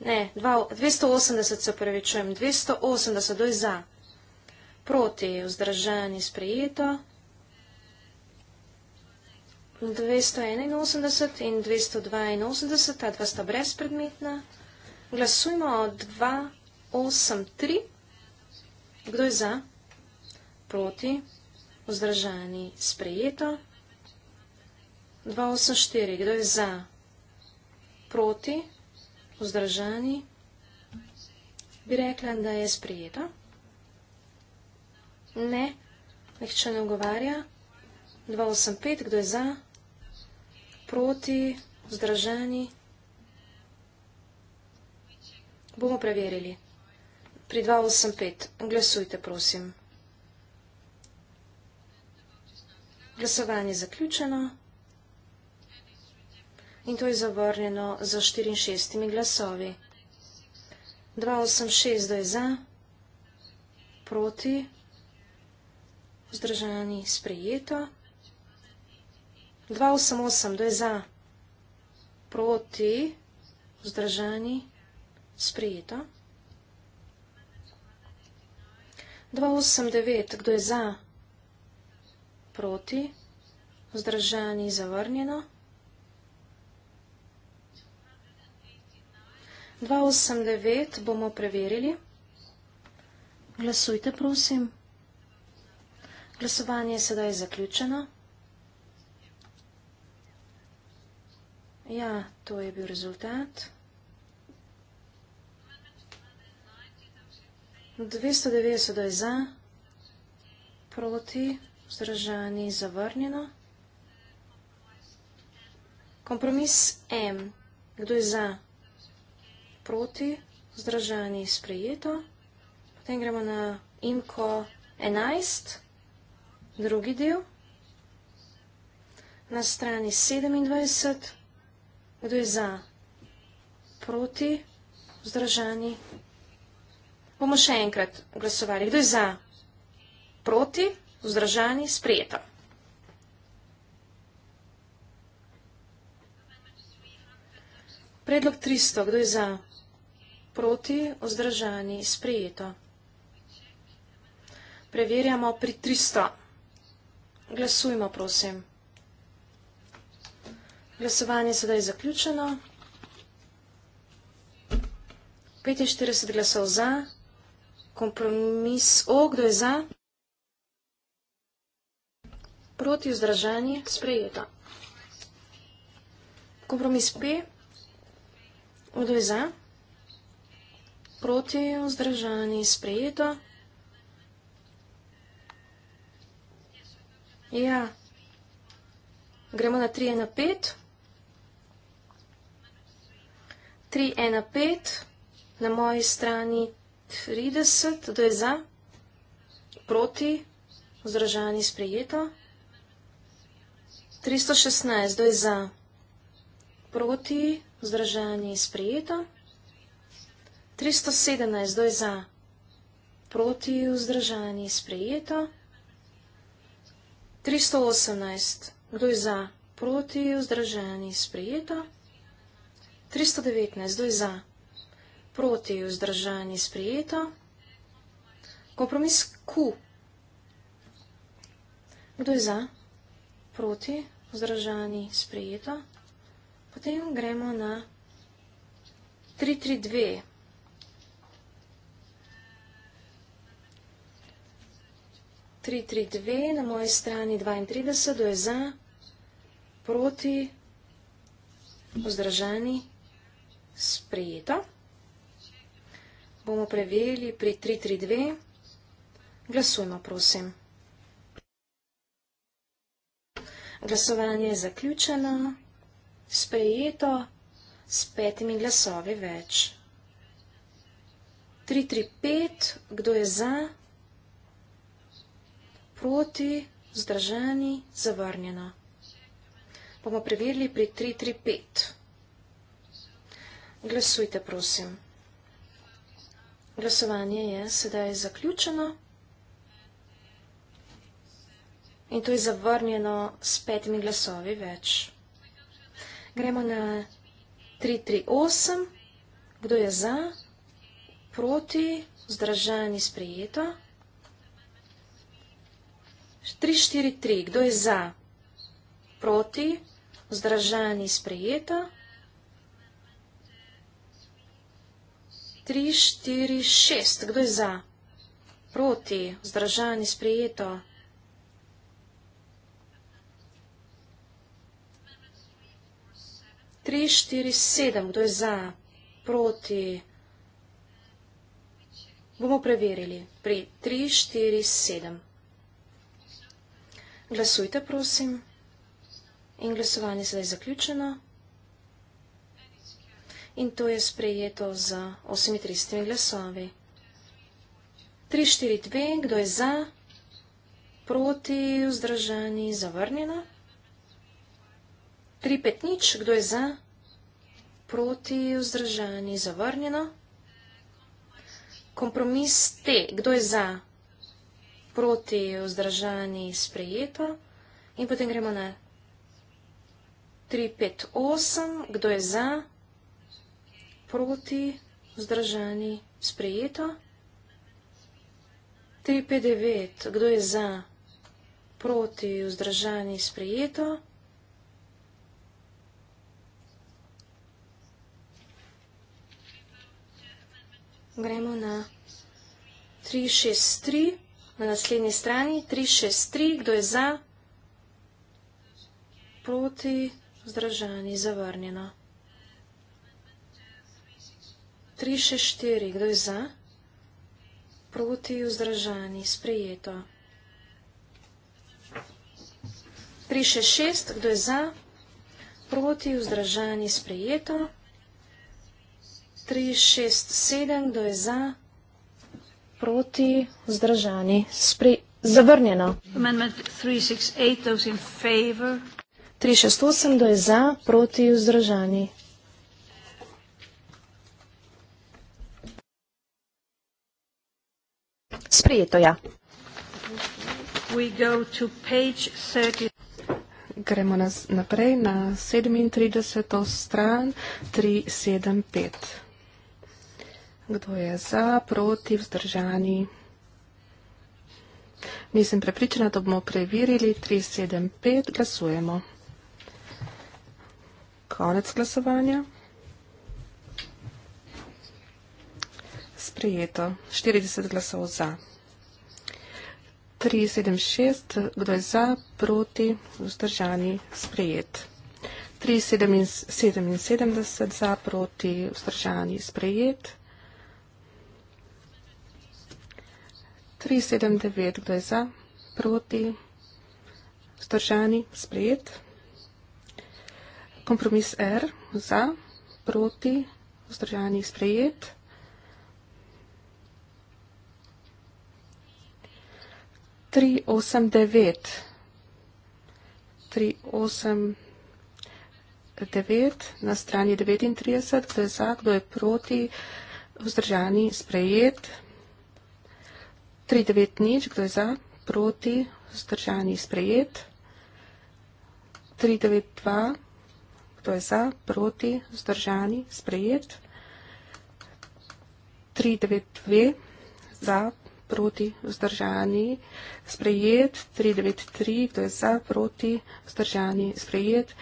ne, 280 se prevečujem, 280, kdo je za, proti, vzdržani, sprejeto. 281 in 282, ta dva sta brezpredmetna. Glasujmo o 283. Kdo je za? Proti. Vzdržani. Sprejeto. 284. Kdo je za? Proti. Vzdržani. Bi rekla, da je sprejeto. Ne. Nihče ne ogovarja. 285. Kdo je za? Proti proti, vzdrženi. Bomo preverili. Pri 285. Glasujte, prosim. Glasovanje je zaključeno in to je zavrnjeno za 64 glasovi. 286 je za, proti, vzdržani sprejeto. 2, 8, 8, to je za, proti, vzdržani, sprijeto. 2, 8, 9, kdo je za, proti, vzdržani, zavrnjeno. 2, 8, 9, bomo preverili. Glasujte, prosim. Glasovanje je sedaj zaključeno. 2, 8, 9. Ja, to je bil rezultat. 290 je za, proti, vzdržani, zavrnjeno. Kompromis M. Kdo je za, proti, vzdržani, sprejeto. Potem gremo na IMCO 11, drugi del. Na strani 27 kdo je za, proti, vzdržani. Bomo še enkrat glasovali, kdo je za, proti, vzdržani, sprijeto. Predlog 300, kdo je za, proti, vzdržani, sprijeto. Preverjamo pri 300. Glasujmo, prosim. Glasovanje je sedaj zaključeno. 45 glasov za. Kompromis. O, kdo je za? Proti vzdražanje. Sprejeto. Kompromis P. O, kdo je za? Proti vzdražanje. Sprejeto. Ja. Gremo na 3 in na 5. 3, 1, 5, na moji strani 30, to je za, proti, vzdržani, sprejeto. 316, to je za, proti, vzdržani, sprejeto. 317, to je za, proti, vzdržani, sprejeto. 318, kdo je za, proti, vzdržani, sprejeto. 319, 319, doj za, proti, vzdržani, sprijeto. Kompromis Q. Kdo je za, proti, vzdržani, sprijeto. Potem gremo na 332. 332, na moji strani 32, doj za, proti, vzdržani, sprijeto sprejeta. Bomo preverili pri 3.3.2. Glasujmo, prosim. Glasovanje je zaključeno, sprejeto s petimi glasovi več. 3.3.5. Kdo je za? Proti, zdržani, zavrnjeno. Bomo preverili pri 335. Glasujte, prosim. Glasovanje je sedaj zaključeno. In to je zavrnjeno s petimi glasovi več. Gremo na 338. Kdo je za? Proti? Zdražani sprejeto. 343. Kdo je za? Proti? Zdražani sprejeto. 3, 4, 6. Kdo je za? Proti, vzdržani, sprijeto. Tri, štiri, sedem, kdo je za, proti, bomo preverili, pri tri, štiri, sedem. Glasujte, prosim, in glasovanje sedaj zaključeno in to je sprejeto z 38 glasovi. 342, kdo je za, proti, vzdržani, zavrnjeno. 350, kdo je za, proti, vzdržani, zavrnjeno. Kompromis T, kdo je za, proti, vzdržani, sprejeto. In potem gremo na 358, kdo je za, proti, vzdržani, zavrnjeno proti, vzdržani, sprejeto. 3, 5, 9, kdo je za, proti, vzdržani, sprejeto. 363 na naslednji strani, 363, kdo je za, proti, vzdržani, zavrnjeno. 3, 6, 4, kdo je za? Proti, vzdržani, sprejeto. 3, 6, 6, kdo je za? Proti, vzdržani, sprejeto. 3, 6, 7, kdo je za? Proti, vzdržani, sprejeto. Zavrnjeno. Amendment 3, 6, 8, those in favor. 3, 6, 8, kdo je za? Proti, vzdržani, sprejeto. Sprejeto je. Ja. Gremo nas naprej na 37. stran 375. Kdo je za, proti, vzdržani? Nisem prepričana, da bomo preverili 375. Glasujemo. Konec glasovanja. sprejeto. 40 glasov za. 376, kdo je za, proti, vzdržani, sprejet. 377 za, proti, vzdržani, sprejet. 379, kdo je za, proti, vzdržani, sprejet. Kompromis R, za, proti, vzdržani, sprejet. 389. 389 na strani 39, kdo je za, kdo je proti, vzdržani, sprejet. 390, kdo je za, proti, vzdržani, sprejet. 392, kdo je za, proti, vzdržani, sprejet. 392, za, proti vzdržani, sprejet 393, kdo je za proti vzdržani, sprejet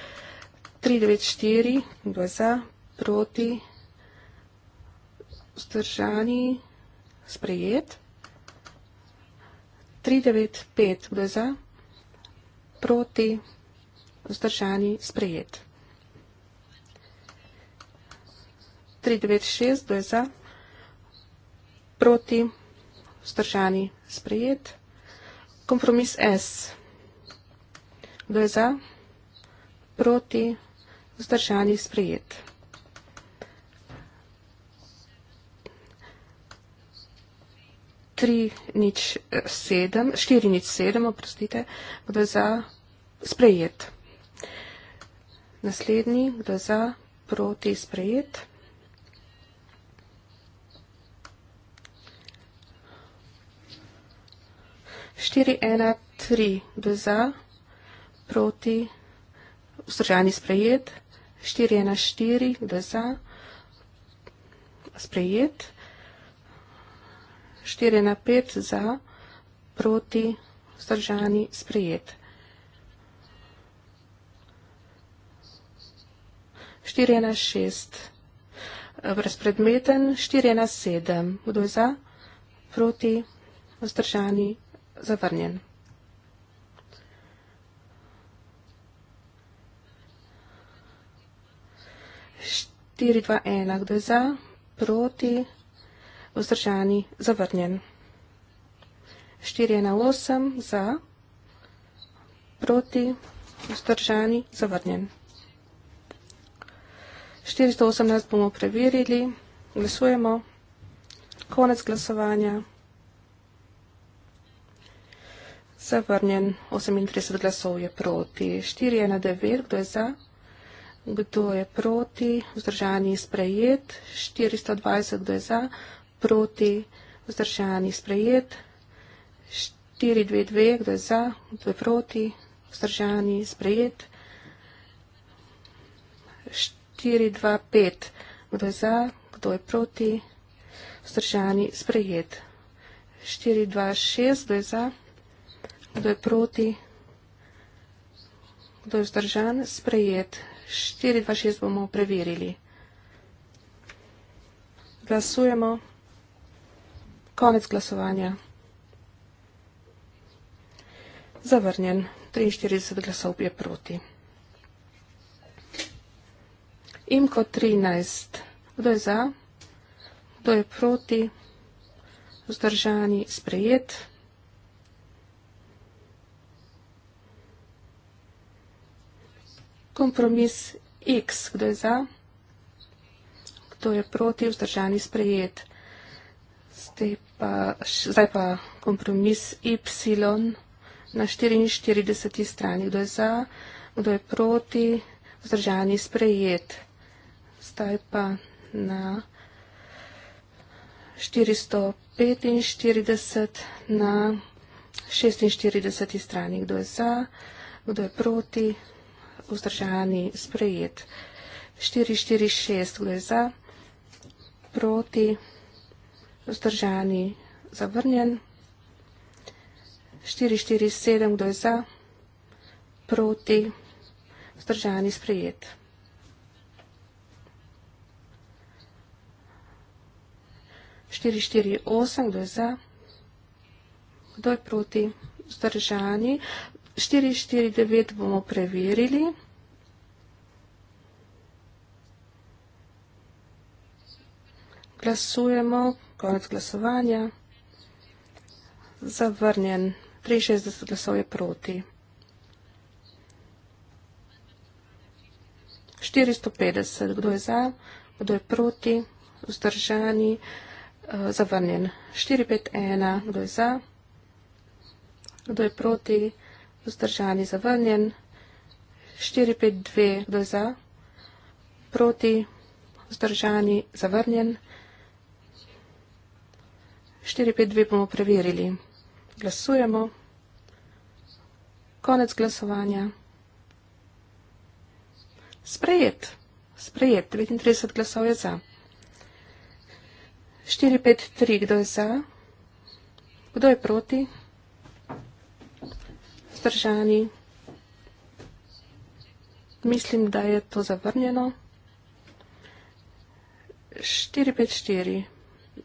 394, kdo je za proti vzdržani, sprejet 395, kdo je za proti vzdržani, sprejet 396, kdo je za proti vzdržani, sprejet vzdržani, sprejet. Kompromis S. Kdo je za? Proti, vzdržani, sprejet. Tri nič eh, sedem, štiri nič sedem, oprostite, kdo je za, sprejet. Naslednji, kdo je za, proti, sprejet. 4-1-3 bil za, proti, vzdržani sprejet, 4-1-4 bil za, sprejet, 4-1-5 za, proti, vzdržani sprejet. 4-1-6 brezpredmeten, 4-1-7 kdo je za, proti, vzdržani sprejet zavrnjen. Štiri, dva, ena, kdo je za, proti, vzdržani, zavrnjen. Štiri, ena, osem, za, proti, vzdržani, zavrnjen. Štiri, sto osemnaest bomo preverili, glasujemo, konec glasovanja. zavrnjen, 38 glasov je proti, 4 je na 9, kdo je za, kdo je proti, vzdržani sprejet, 420, kdo je za, proti, vzdržani sprejet, 422, kdo je za, kdo je proti, vzdržani sprejet, 425, kdo je za, kdo je proti, vzdržani sprejet, 426, kdo je za, kdo je proti, kdo je vzdržan, sprejet. 426 bomo preverili. Glasujemo. Konec glasovanja. Zavrnjen. 43 glasov je proti. Imko 13. Kdo je za? Kdo je proti? Vzdržani sprejet. Kompromis X, kdo je za, kdo je proti, vzdržani sprejet. Pa, zdaj pa kompromis Y na 44. strani, kdo je za, kdo je proti, vzdržani sprejet. Zdaj pa na 445 na 46. strani, kdo je za, kdo je proti, vzdržani, sprejet. 446 gre za, proti, vzdržani, zavrnjen. 447 gre za, proti, vzdržani, sprejet. Štiri, štiri, osem, kdo je za, kdo je proti, vzdržani, 449 bomo preverili. Glasujemo, konec glasovanja. Zavrnjen. 63 glasov je proti. 450. Kdo je za? Kdo je proti? Vzdržani. Eh, zavrnjen. 451. Kdo je za? Kdo je proti? Vzdržani zavrnjen. 4-5-2 kdo je za? Proti. Vzdržani zavrnjen. 4-5-2 bomo preverili. Glasujemo. Konec glasovanja. Sprejet. Sprejet. 39 glasov je za. 4-5-3 kdo je za? Kdo je proti? vzdržani. Mislim, da je to zavrnjeno. 454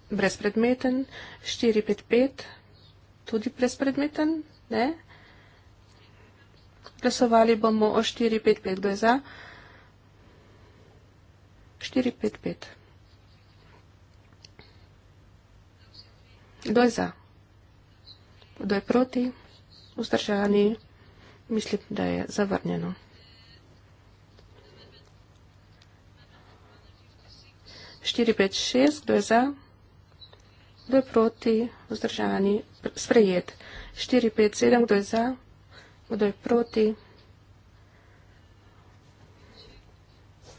brezpredmeten, 455 tudi brezpredmeten, ne? Glasovali bomo o 455 ga za. 455. Kdo je za? Kdo je proti? vzdržani, mislim, da je zavrnjeno. Štiri, pet, šest, kdo je za, kdo je proti, vzdržani, sprejet. Štiri, pet, sedem, kdo je za, kdo je proti.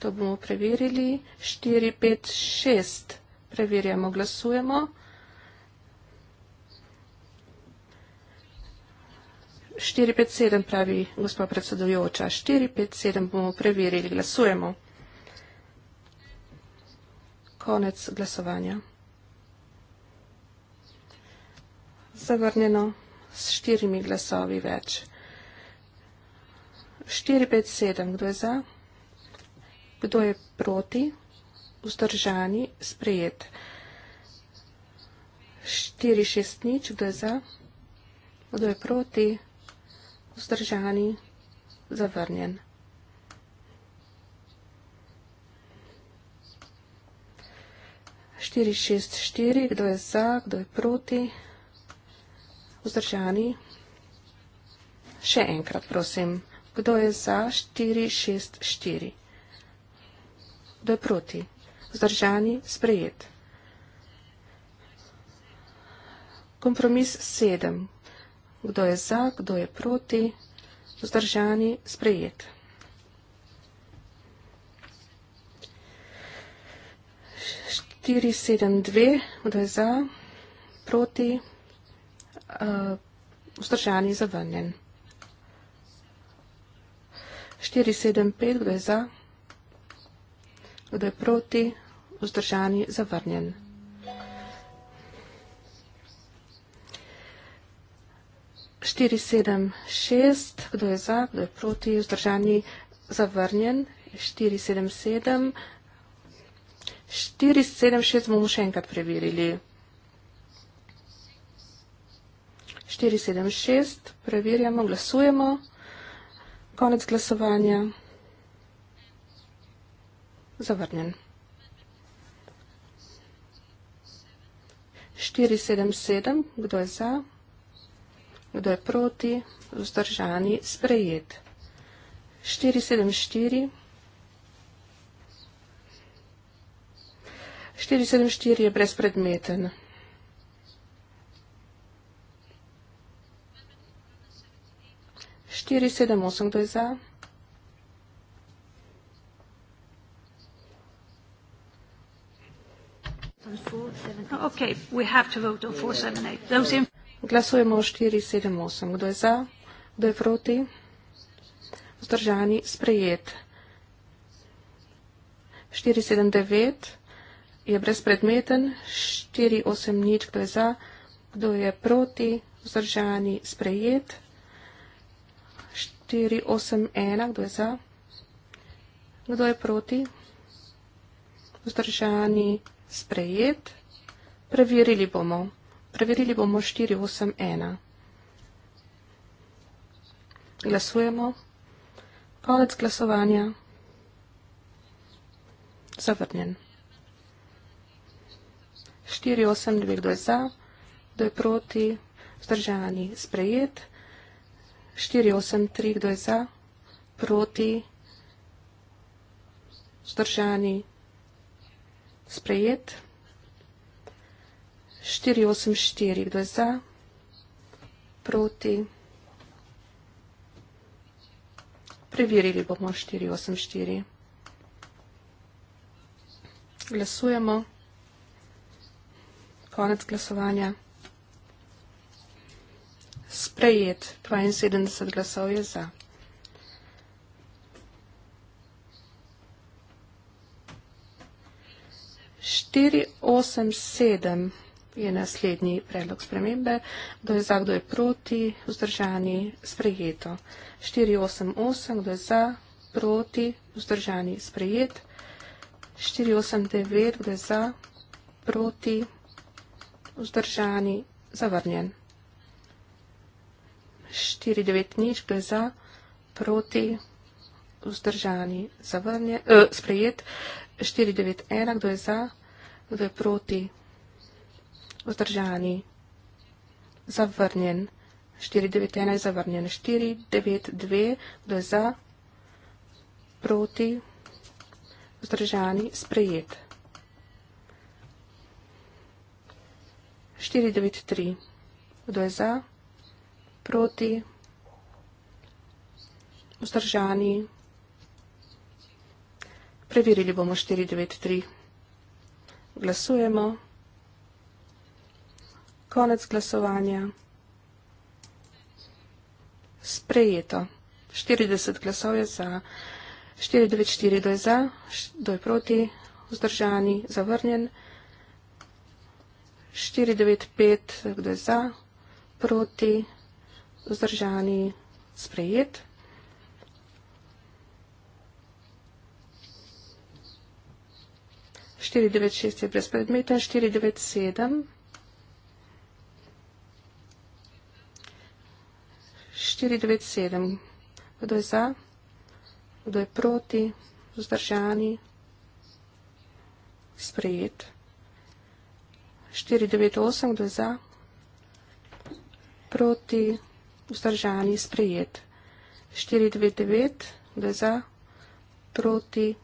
To bomo preverili. Štiri, pet, šest, preverjamo, glasujemo. 457 pravi gospod predsedujoča. 457 bomo preverili, glasujemo. Konec glasovanja. Zavrnjeno s štirimi glasovi več. 457, kdo je za? Kdo je proti? Vzdržani, sprejet. 460, kdo je za? Kdo je proti? vzdržani, zavrnjen. Štiri, šest, štiri, kdo je za, kdo je proti, vzdržani. Še enkrat, prosim, kdo je za, štiri, šest, štiri, kdo je proti, vzdržani, sprejet. Kompromis sedem, kdo je za, kdo je proti, vzdržani, sprejet. Štiri sedem dve, kdo je za, proti, vzdržani, zavrnjen. Štiri sedem pet, kdo je za, kdo je proti, vzdržani, zavrnjen. 476, kdo je za, kdo je proti, vzdržani, zavrnjen. 477. 476 bomo še enkrat preverili. 476, preverjamo, glasujemo. Konec glasovanja. Zavrnjen. 477, kdo je za? Kdo je proti? Vzdržani sprejet. 474. 474 je brezpredmeten. Štiri, sedem, osem, kdo je za? Okay, we have to vote on 478. Those in Glasujemo 478. Kdo je za? Kdo je proti? Vzdržani sprejet. 479 je brezpredmeten. 48 nič. Kdo je za? Kdo je proti? Vzdržani sprejet. 481. Kdo je za? Kdo je proti? Vzdržani sprejet. Preverili bomo. Preverili bomo 481. Glasujemo. Konec glasovanja. Zavrnjen. 482, kdo je za, kdo je proti, vzdržani, sprejet. 483, kdo je za, proti, vzdržani, sprejet. 484, kdo je za, proti. Preverili bomo 484. Glasujemo. Konec glasovanja. Sprejet. 72 glasov je za. Štiri osem sedem je naslednji predlog spremembe. Kdo je za, kdo je proti, vzdržani, sprejeto. 488, kdo je za, proti, vzdržani, sprejet. 489, kdo je za, proti, vzdržani, zavrnjen. 49 nič, kdo je za, proti, vzdržani, zavrnjen, eh, sprejet. 491, kdo je za, kdo je proti, vzdržani vzdržani. Zavrnjen. 491 je zavrnjen. 492 je za, proti, vzdržani, sprejet. 493. Kdo je za, proti, vzdržani, preverili bomo 493. Glasujemo. Konec glasovanja. Sprejeto. 40 glasov je za, 494 do je za, do je proti, vzdržani, zavrnjen. 495, kdo je za, proti, vzdržani, sprejet. Štiri devet šest je brezpredmeten, štiri devet sedem. 497. Kdo je za? Kdo je proti? Zdržani? Sprejet. 498. Kdo je za? Proti? Zdržani? Sprejet. 499. Kdo je za? Proti?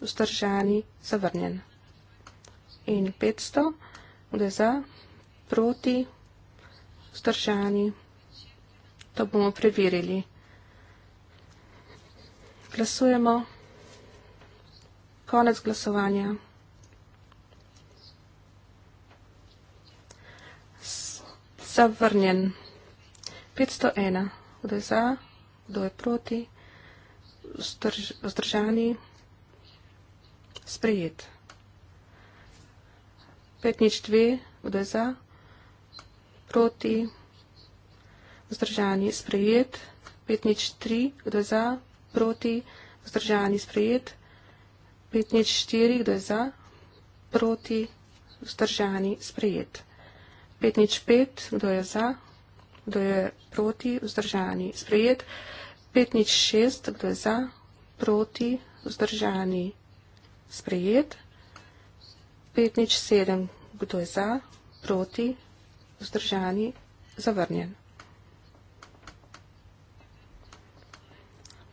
Zdržani? Zavrnjen. In 500. Kdo je za? Proti? Zdržani? Zavrnjen to bomo preverili. Glasujemo. Konec glasovanja. Zavrnjen. 501. Kdo je za? Kdo je proti? Zdržani. Sprejet. 5 nič 2. Kdo je za? Proti. Proti vzdržani sprejet, 5 nič 3, kdo je za, proti, vzdržani sprejet, 5 nič 4, kdo je za, proti, vzdržani sprejet, 5 nič 5, kdo je za, kdo je proti, vzdržani sprejet, 5 nič 6, kdo je za, proti, vzdržani sprejet, 5 nič 7, kdo je za, proti, vzdržani, zavrnjen.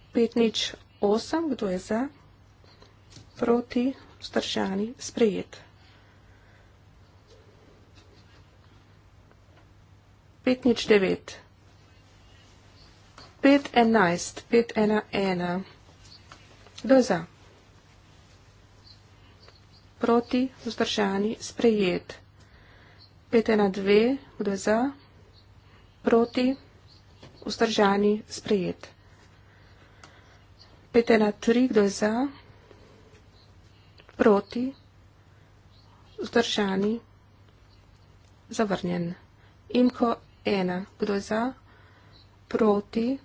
5 nič 8, kdo je za, proti, vzdržani, sprejet. 5 nič 9, 5 11, 5 1 1, kdo je za, proti, vzdržani, sprejet. 5 1 2, kdo je za, proti, vzdržani, sprejet. 5 1 2, kdo je za, proti, vzdržani, sprejet. 5 na 3, kdo je za, proti, vzdržani, zavrnjen. Imko 1, kdo je za, proti,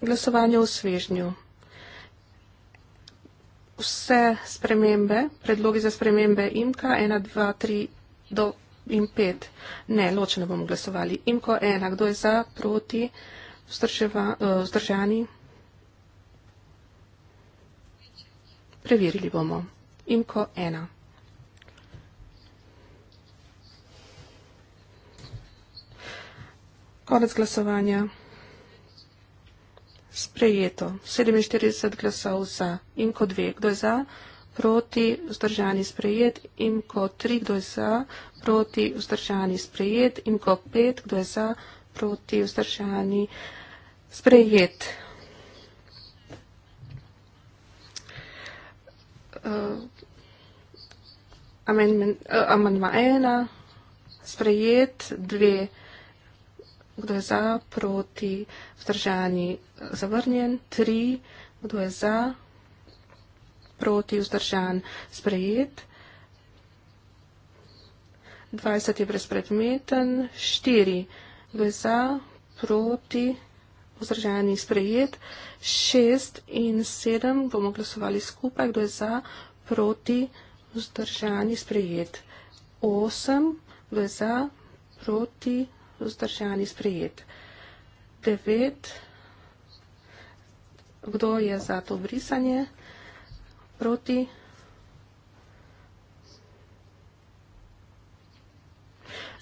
glasovanje v svežnju. Vse spremembe, predlogi za spremembe imka 1, 2, 3 do 5 in pet. Ne, ločeno bomo glasovali. Imko ena, kdo je za, proti, eh, vzdržani? Preverili bomo. Imko ena. Konec glasovanja. Sprejeto. 47 glasov za. Imko dve, kdo je za? Imko dve proti vzdržani sprejet in ko tri, kdo je za, proti vzdržani sprejet in ko pet, kdo je za, proti vzdržani sprejet. Uh, eh, amendment, uh, eh, amendment ena, sprejet dve, kdo je za, proti vzdržani zavrnjen, tri, kdo je za, proti vzdržan sprejet. 20 je brezpredmeten, 4 je za, proti, vzdržani sprejet, 6 in 7 bomo glasovali skupaj, kdo je za, proti, vzdržani sprejet, 8 je za, proti, vzdržani sprejet, 9, kdo je za to brisanje, proti.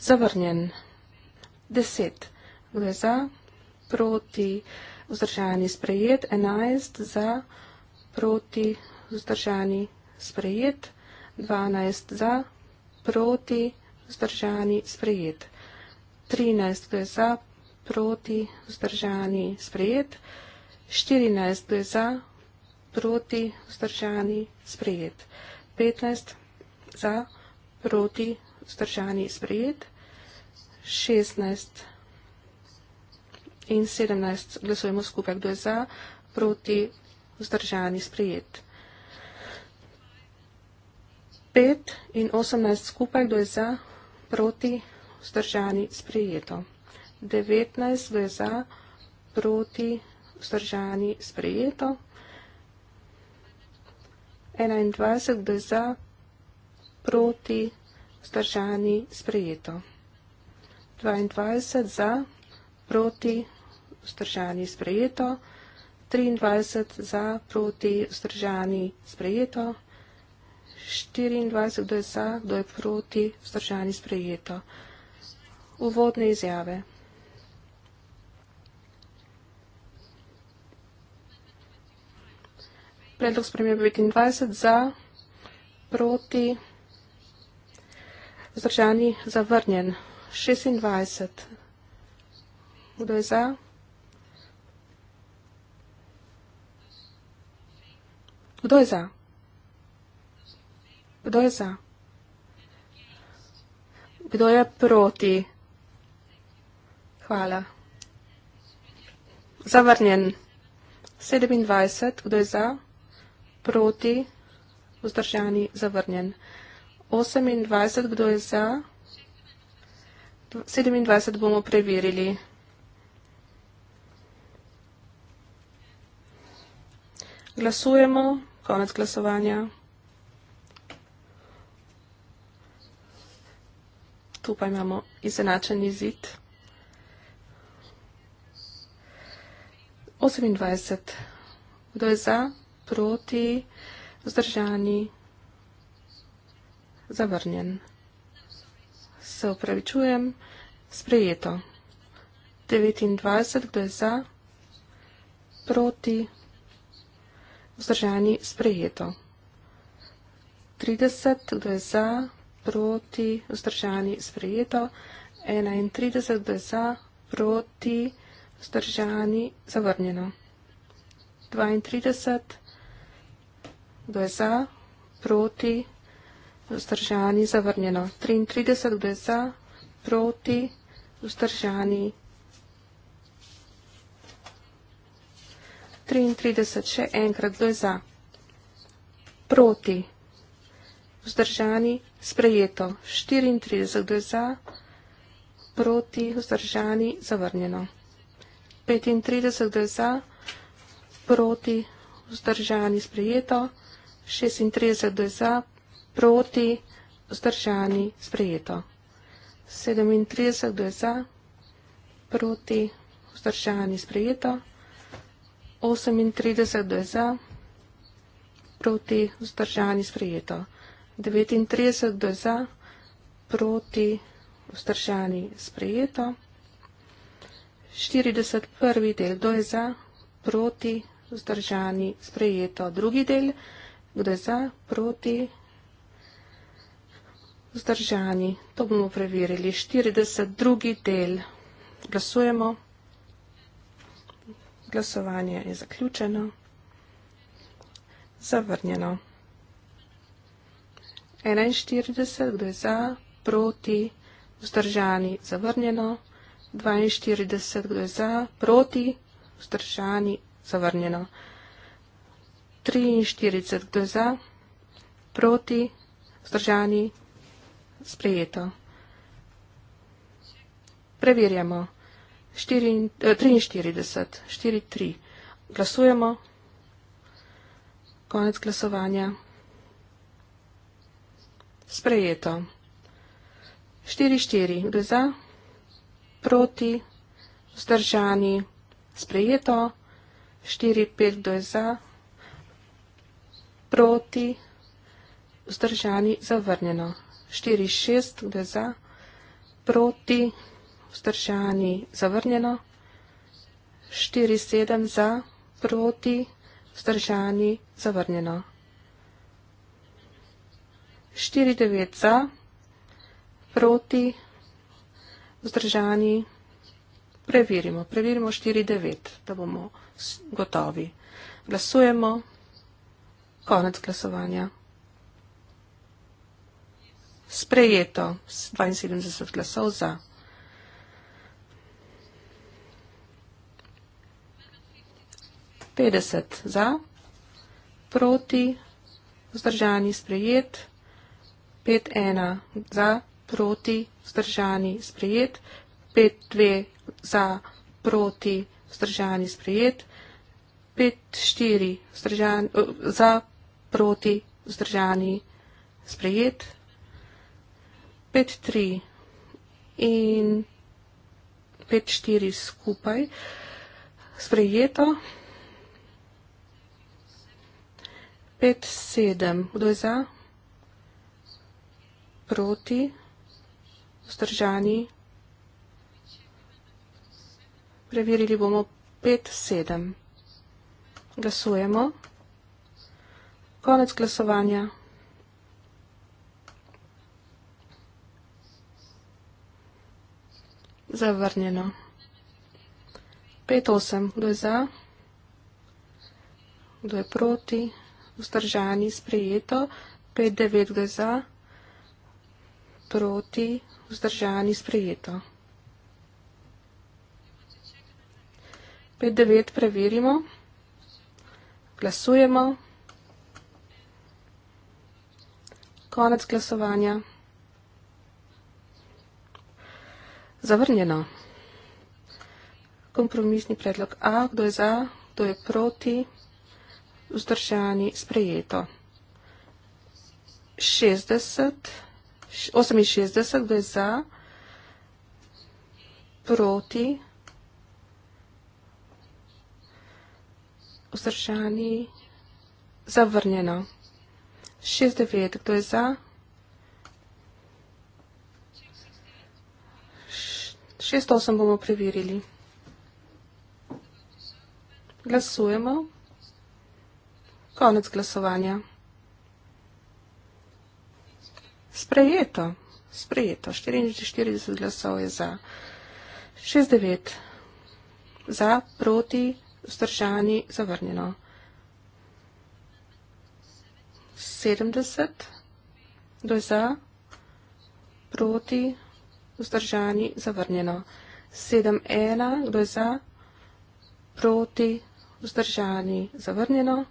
Zavrnjen. Deset. Kdo je za? Proti. Vzdržani sprejet. Enajst. Za. Proti. Vzdržani sprejet. Dvanajst. Za. Proti. Vzdržani sprejet. Trinajst. Kdo je za? Proti. Vzdržani sprejet. Štirinajst. Kdo je za? Proti proti, vzdržani, sprejet. 15 za, proti, vzdržani, sprejet. 16 in 17 glasujemo skupaj, kdo je za, proti, vzdržani, sprejet. 5 in 18 skupaj, kdo je za, proti, vzdržani, sprejeto. 19 kdo je za, proti, vzdržani, sprejeto. 20. 21 za, proti, vzdržani, sprejeto. 22 za, proti, vzdržani, sprejeto. 23 za, proti, vzdržani, sprejeto. 24 do je za, do je proti, vzdržani, sprejeto. Uvodne izjave. predlog spremljiv 29 za, proti, vzdržani, zavrnjen. 26. Kdo je za? Kdo je za? Kdo je za? Kdo je proti? Hvala. Zavrnjen. 27. Kdo je za? proti, vzdržani, zavrnjen. 28, kdo je za? 27 bomo preverili. Glasujemo, konec glasovanja. Tu pa imamo izenačen izid. 28. Kdo je za? proti, vzdržani, zavrnjen. Se upravičujem, sprejeto. 29, kdo je za, proti, vzdržani, sprejeto. 30, kdo je za, proti, vzdržani, sprejeto. 31, kdo je za, proti, vzdržani, zavrnjeno. 32, kdo je za, proti, vzdržani, zavrnjeno. 33, kdo je za, proti, vzdržani. 33, še enkrat, kdo je za, proti, vzdržani, sprejeto. 34, kdo je za, proti, vzdržani, zavrnjeno. 35, kdo je za, proti, vzdržani, sprejeto. 36 je za, proti, vzdržani, sprejeto. 37 je za, proti, vzdržani, sprejeto. 38 je za, proti, vzdržani, sprejeto. 39 je za, proti, vzdržani, sprejeto. 41 del do je za, proti, vzdržani, sprejeto. Drugi del je za, Kdo je za, proti, vzdržani. To bomo preverili. 42. del. Glasujemo. Glasovanje je zaključeno. Zavrnjeno. 41. Kdo je za, proti, vzdržani. Zavrnjeno. 42. Kdo je za, proti, vzdržani. Zavrnjeno. 43 za, proti, vzdržani, sprejeto. Preverjamo. 4, eh, 43, 4, 3. Glasujemo. Konec glasovanja. Sprejeto. 4, 4. Kdo je za? Proti. Vzdržani. Sprejeto. 4, 5. Eh, kdo je za? proti, vzdržani, zavrnjeno. 4, 6, kdo je za, proti, vzdržani, zavrnjeno. 4, 7, za, proti, vzdržani, zavrnjeno. 4, 9, za, proti, vzdržani, preverimo, preverimo 4, 9, da bomo gotovi. Glasujemo. Konec glasovanja. Sprejeto s 72 glasov za. Petdeset za, proti, vzdržani, sprejet, pet ena za, proti, vzdržani, sprejet, pet dve za, proti, vzdržani, sprejet, pet štiri eh, za, proti, vzdržani, sprejet. 5-3 in 5-4 skupaj, sprejeto. 5-7, kdo je za, proti, vzdržani. Preverili bomo 5-7. Glasujemo. Konec glasovanja. Zavrnjeno. 5-8. Kdo je za? Kdo je proti? Vzdržani, sprejeto. 5-9. Kdo je za? Proti, vzdržani, sprejeto. 5-9. Preverimo. Glasujemo. Konec glasovanja. Zavrnjeno. Kompromisni predlog A. Kdo je za? Kdo je proti? Vzdržani. Sprejeto. 60, 68. Kdo je za? Proti? Vzdržani. Zavrnjeno. 69, kdo je za? 68 bomo preverili. Glasujemo. Konec glasovanja. Sprejeto, sprejeto. 44 glasov je za. 69 za, proti, vzdržani, zavrnjeno. 70 do za, proti, vzdržani, zavrnjeno. 71 do za, proti, vzdržani, zavrnjeno.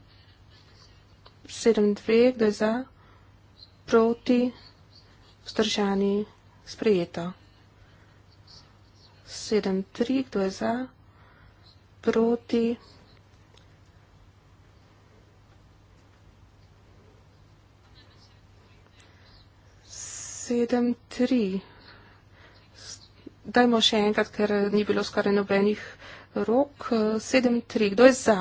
72 do za, proti, vzdržani, sprejeto. 73 do za, proti, vzdržani. sedem, tri. Dajmo še enkrat, ker ni bilo skoraj nobenih rok. Sedem, tri. Kdo je za?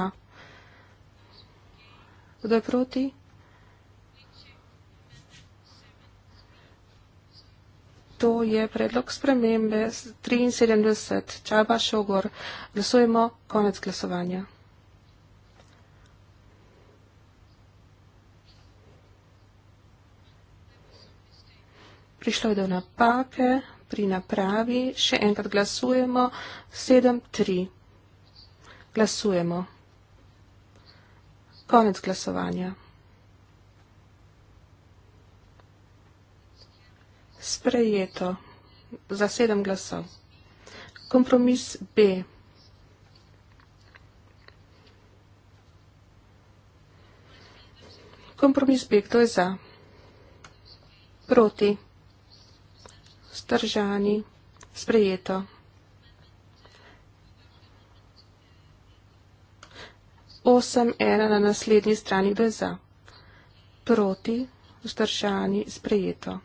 Kdo je proti? To je predlog spremembe 73. Čaba Šogor. Glasujemo konec glasovanja. prišlo je do napake pri napravi. Še enkrat glasujemo. 7-3. Glasujemo. Konec glasovanja. Sprejeto. Za 7 glasov. Kompromis B. Kompromis B. Kdo je za? Proti vzdržani, sprejeto. Osem ena na naslednji strani brza. Proti, vzdržani, sprejeto.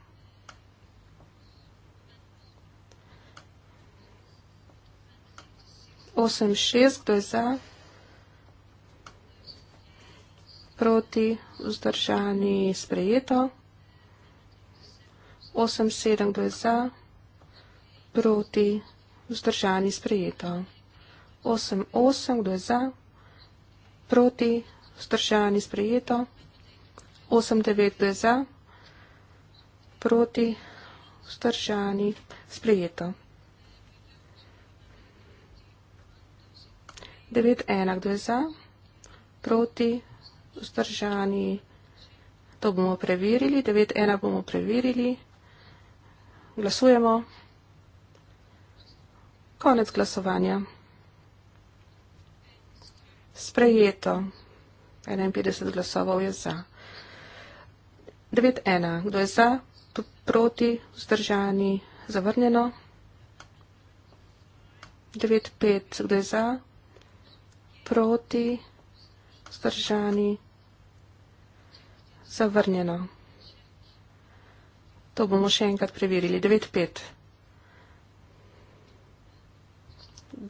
Osem šest, kdo je za? Proti, vzdržani, sprejeto. 8, 7, kdo je za, proti, vzdržani, sprejeto. 8, 8, kdo je za, proti, vzdržani, sprejeto. 8, 9, kdo je za, proti, vzdržani, sprejeto. 9, 1, kdo je za, proti, vzdržani, to bomo preverili, 9, 1 bomo preverili. Glasujemo. Konec glasovanja. Sprejeto. 51 glasoval je za. 9.1. Kdo je za? Proti? Zdržani? Zavrnjeno. 9.5. Kdo je za? Proti? Zdržani? Zavrnjeno. 9.6. To bomo še enkrat preverili. 9-5.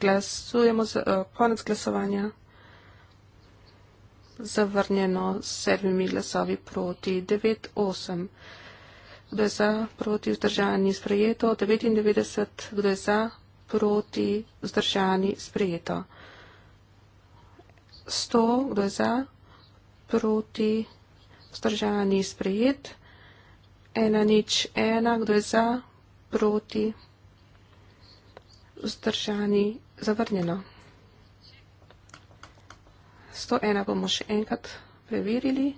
Glasujemo za eh, konec glasovanja. Zavrnjeno s sedmimi glasovi proti. 9-8. Kdo je za, proti, vzdržani, sprejeto. 99. Kdo je za, proti, vzdržani, sprejeto. 100. Kdo je za, proti, vzdržani, sprejeto ena nič ena, kdo je za, proti, vzdržani, zavrnjeno. 101 bomo še enkrat preverili.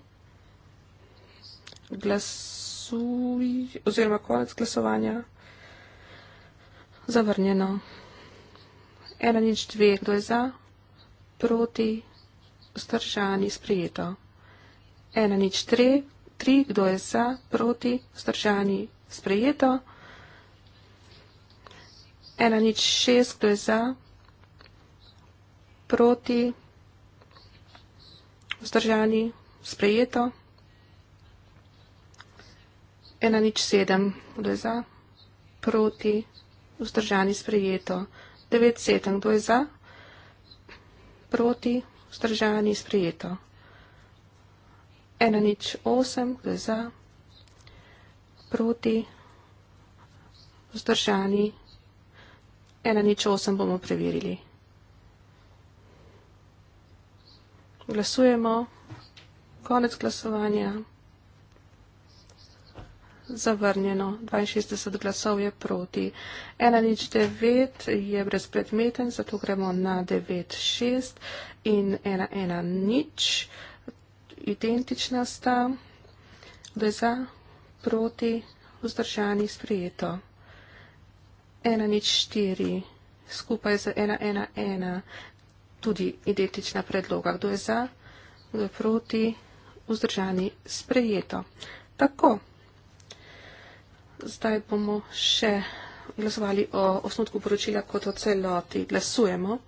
Glasuj, oziroma konec glasovanja, zavrnjeno. Ena nič dve, kdo je za, proti, vzdržani, sprejeto. Ena nič tri, tri, kdo je za, proti, vzdržani, sprejeto. Ena nič šest, kdo je za, proti, vzdržani, sprejeto. Ena nič sedem, kdo je za, proti, vzdržani, sprejeto. Devet sedem, kdo je za, proti, vzdržani, sprejeto ena nič osem, kdo je za, proti, vzdržani, ena nič osem bomo preverili. Glasujemo, konec glasovanja, zavrnjeno, 62 glasov je proti. 1 nič 9 je brezpredmeten, zato gremo na 9 6 in 1 1 nič identična sta, da je za, proti, vzdržani, sprijeto. 1 nič 4 skupaj z 111 tudi identična predloga. Kdo je za, kdo je proti, vzdržani, sprijeto. Tako. Zdaj bomo še glasovali o osnutku poročila kot o celoti. Glasujemo.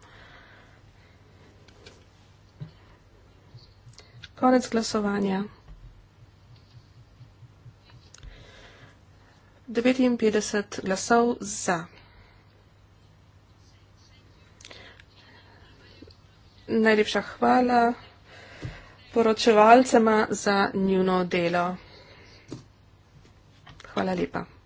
Konec glasovanja. 59 glasov za. Najlepša hvala poročevalcema za njuno delo. Hvala lepa.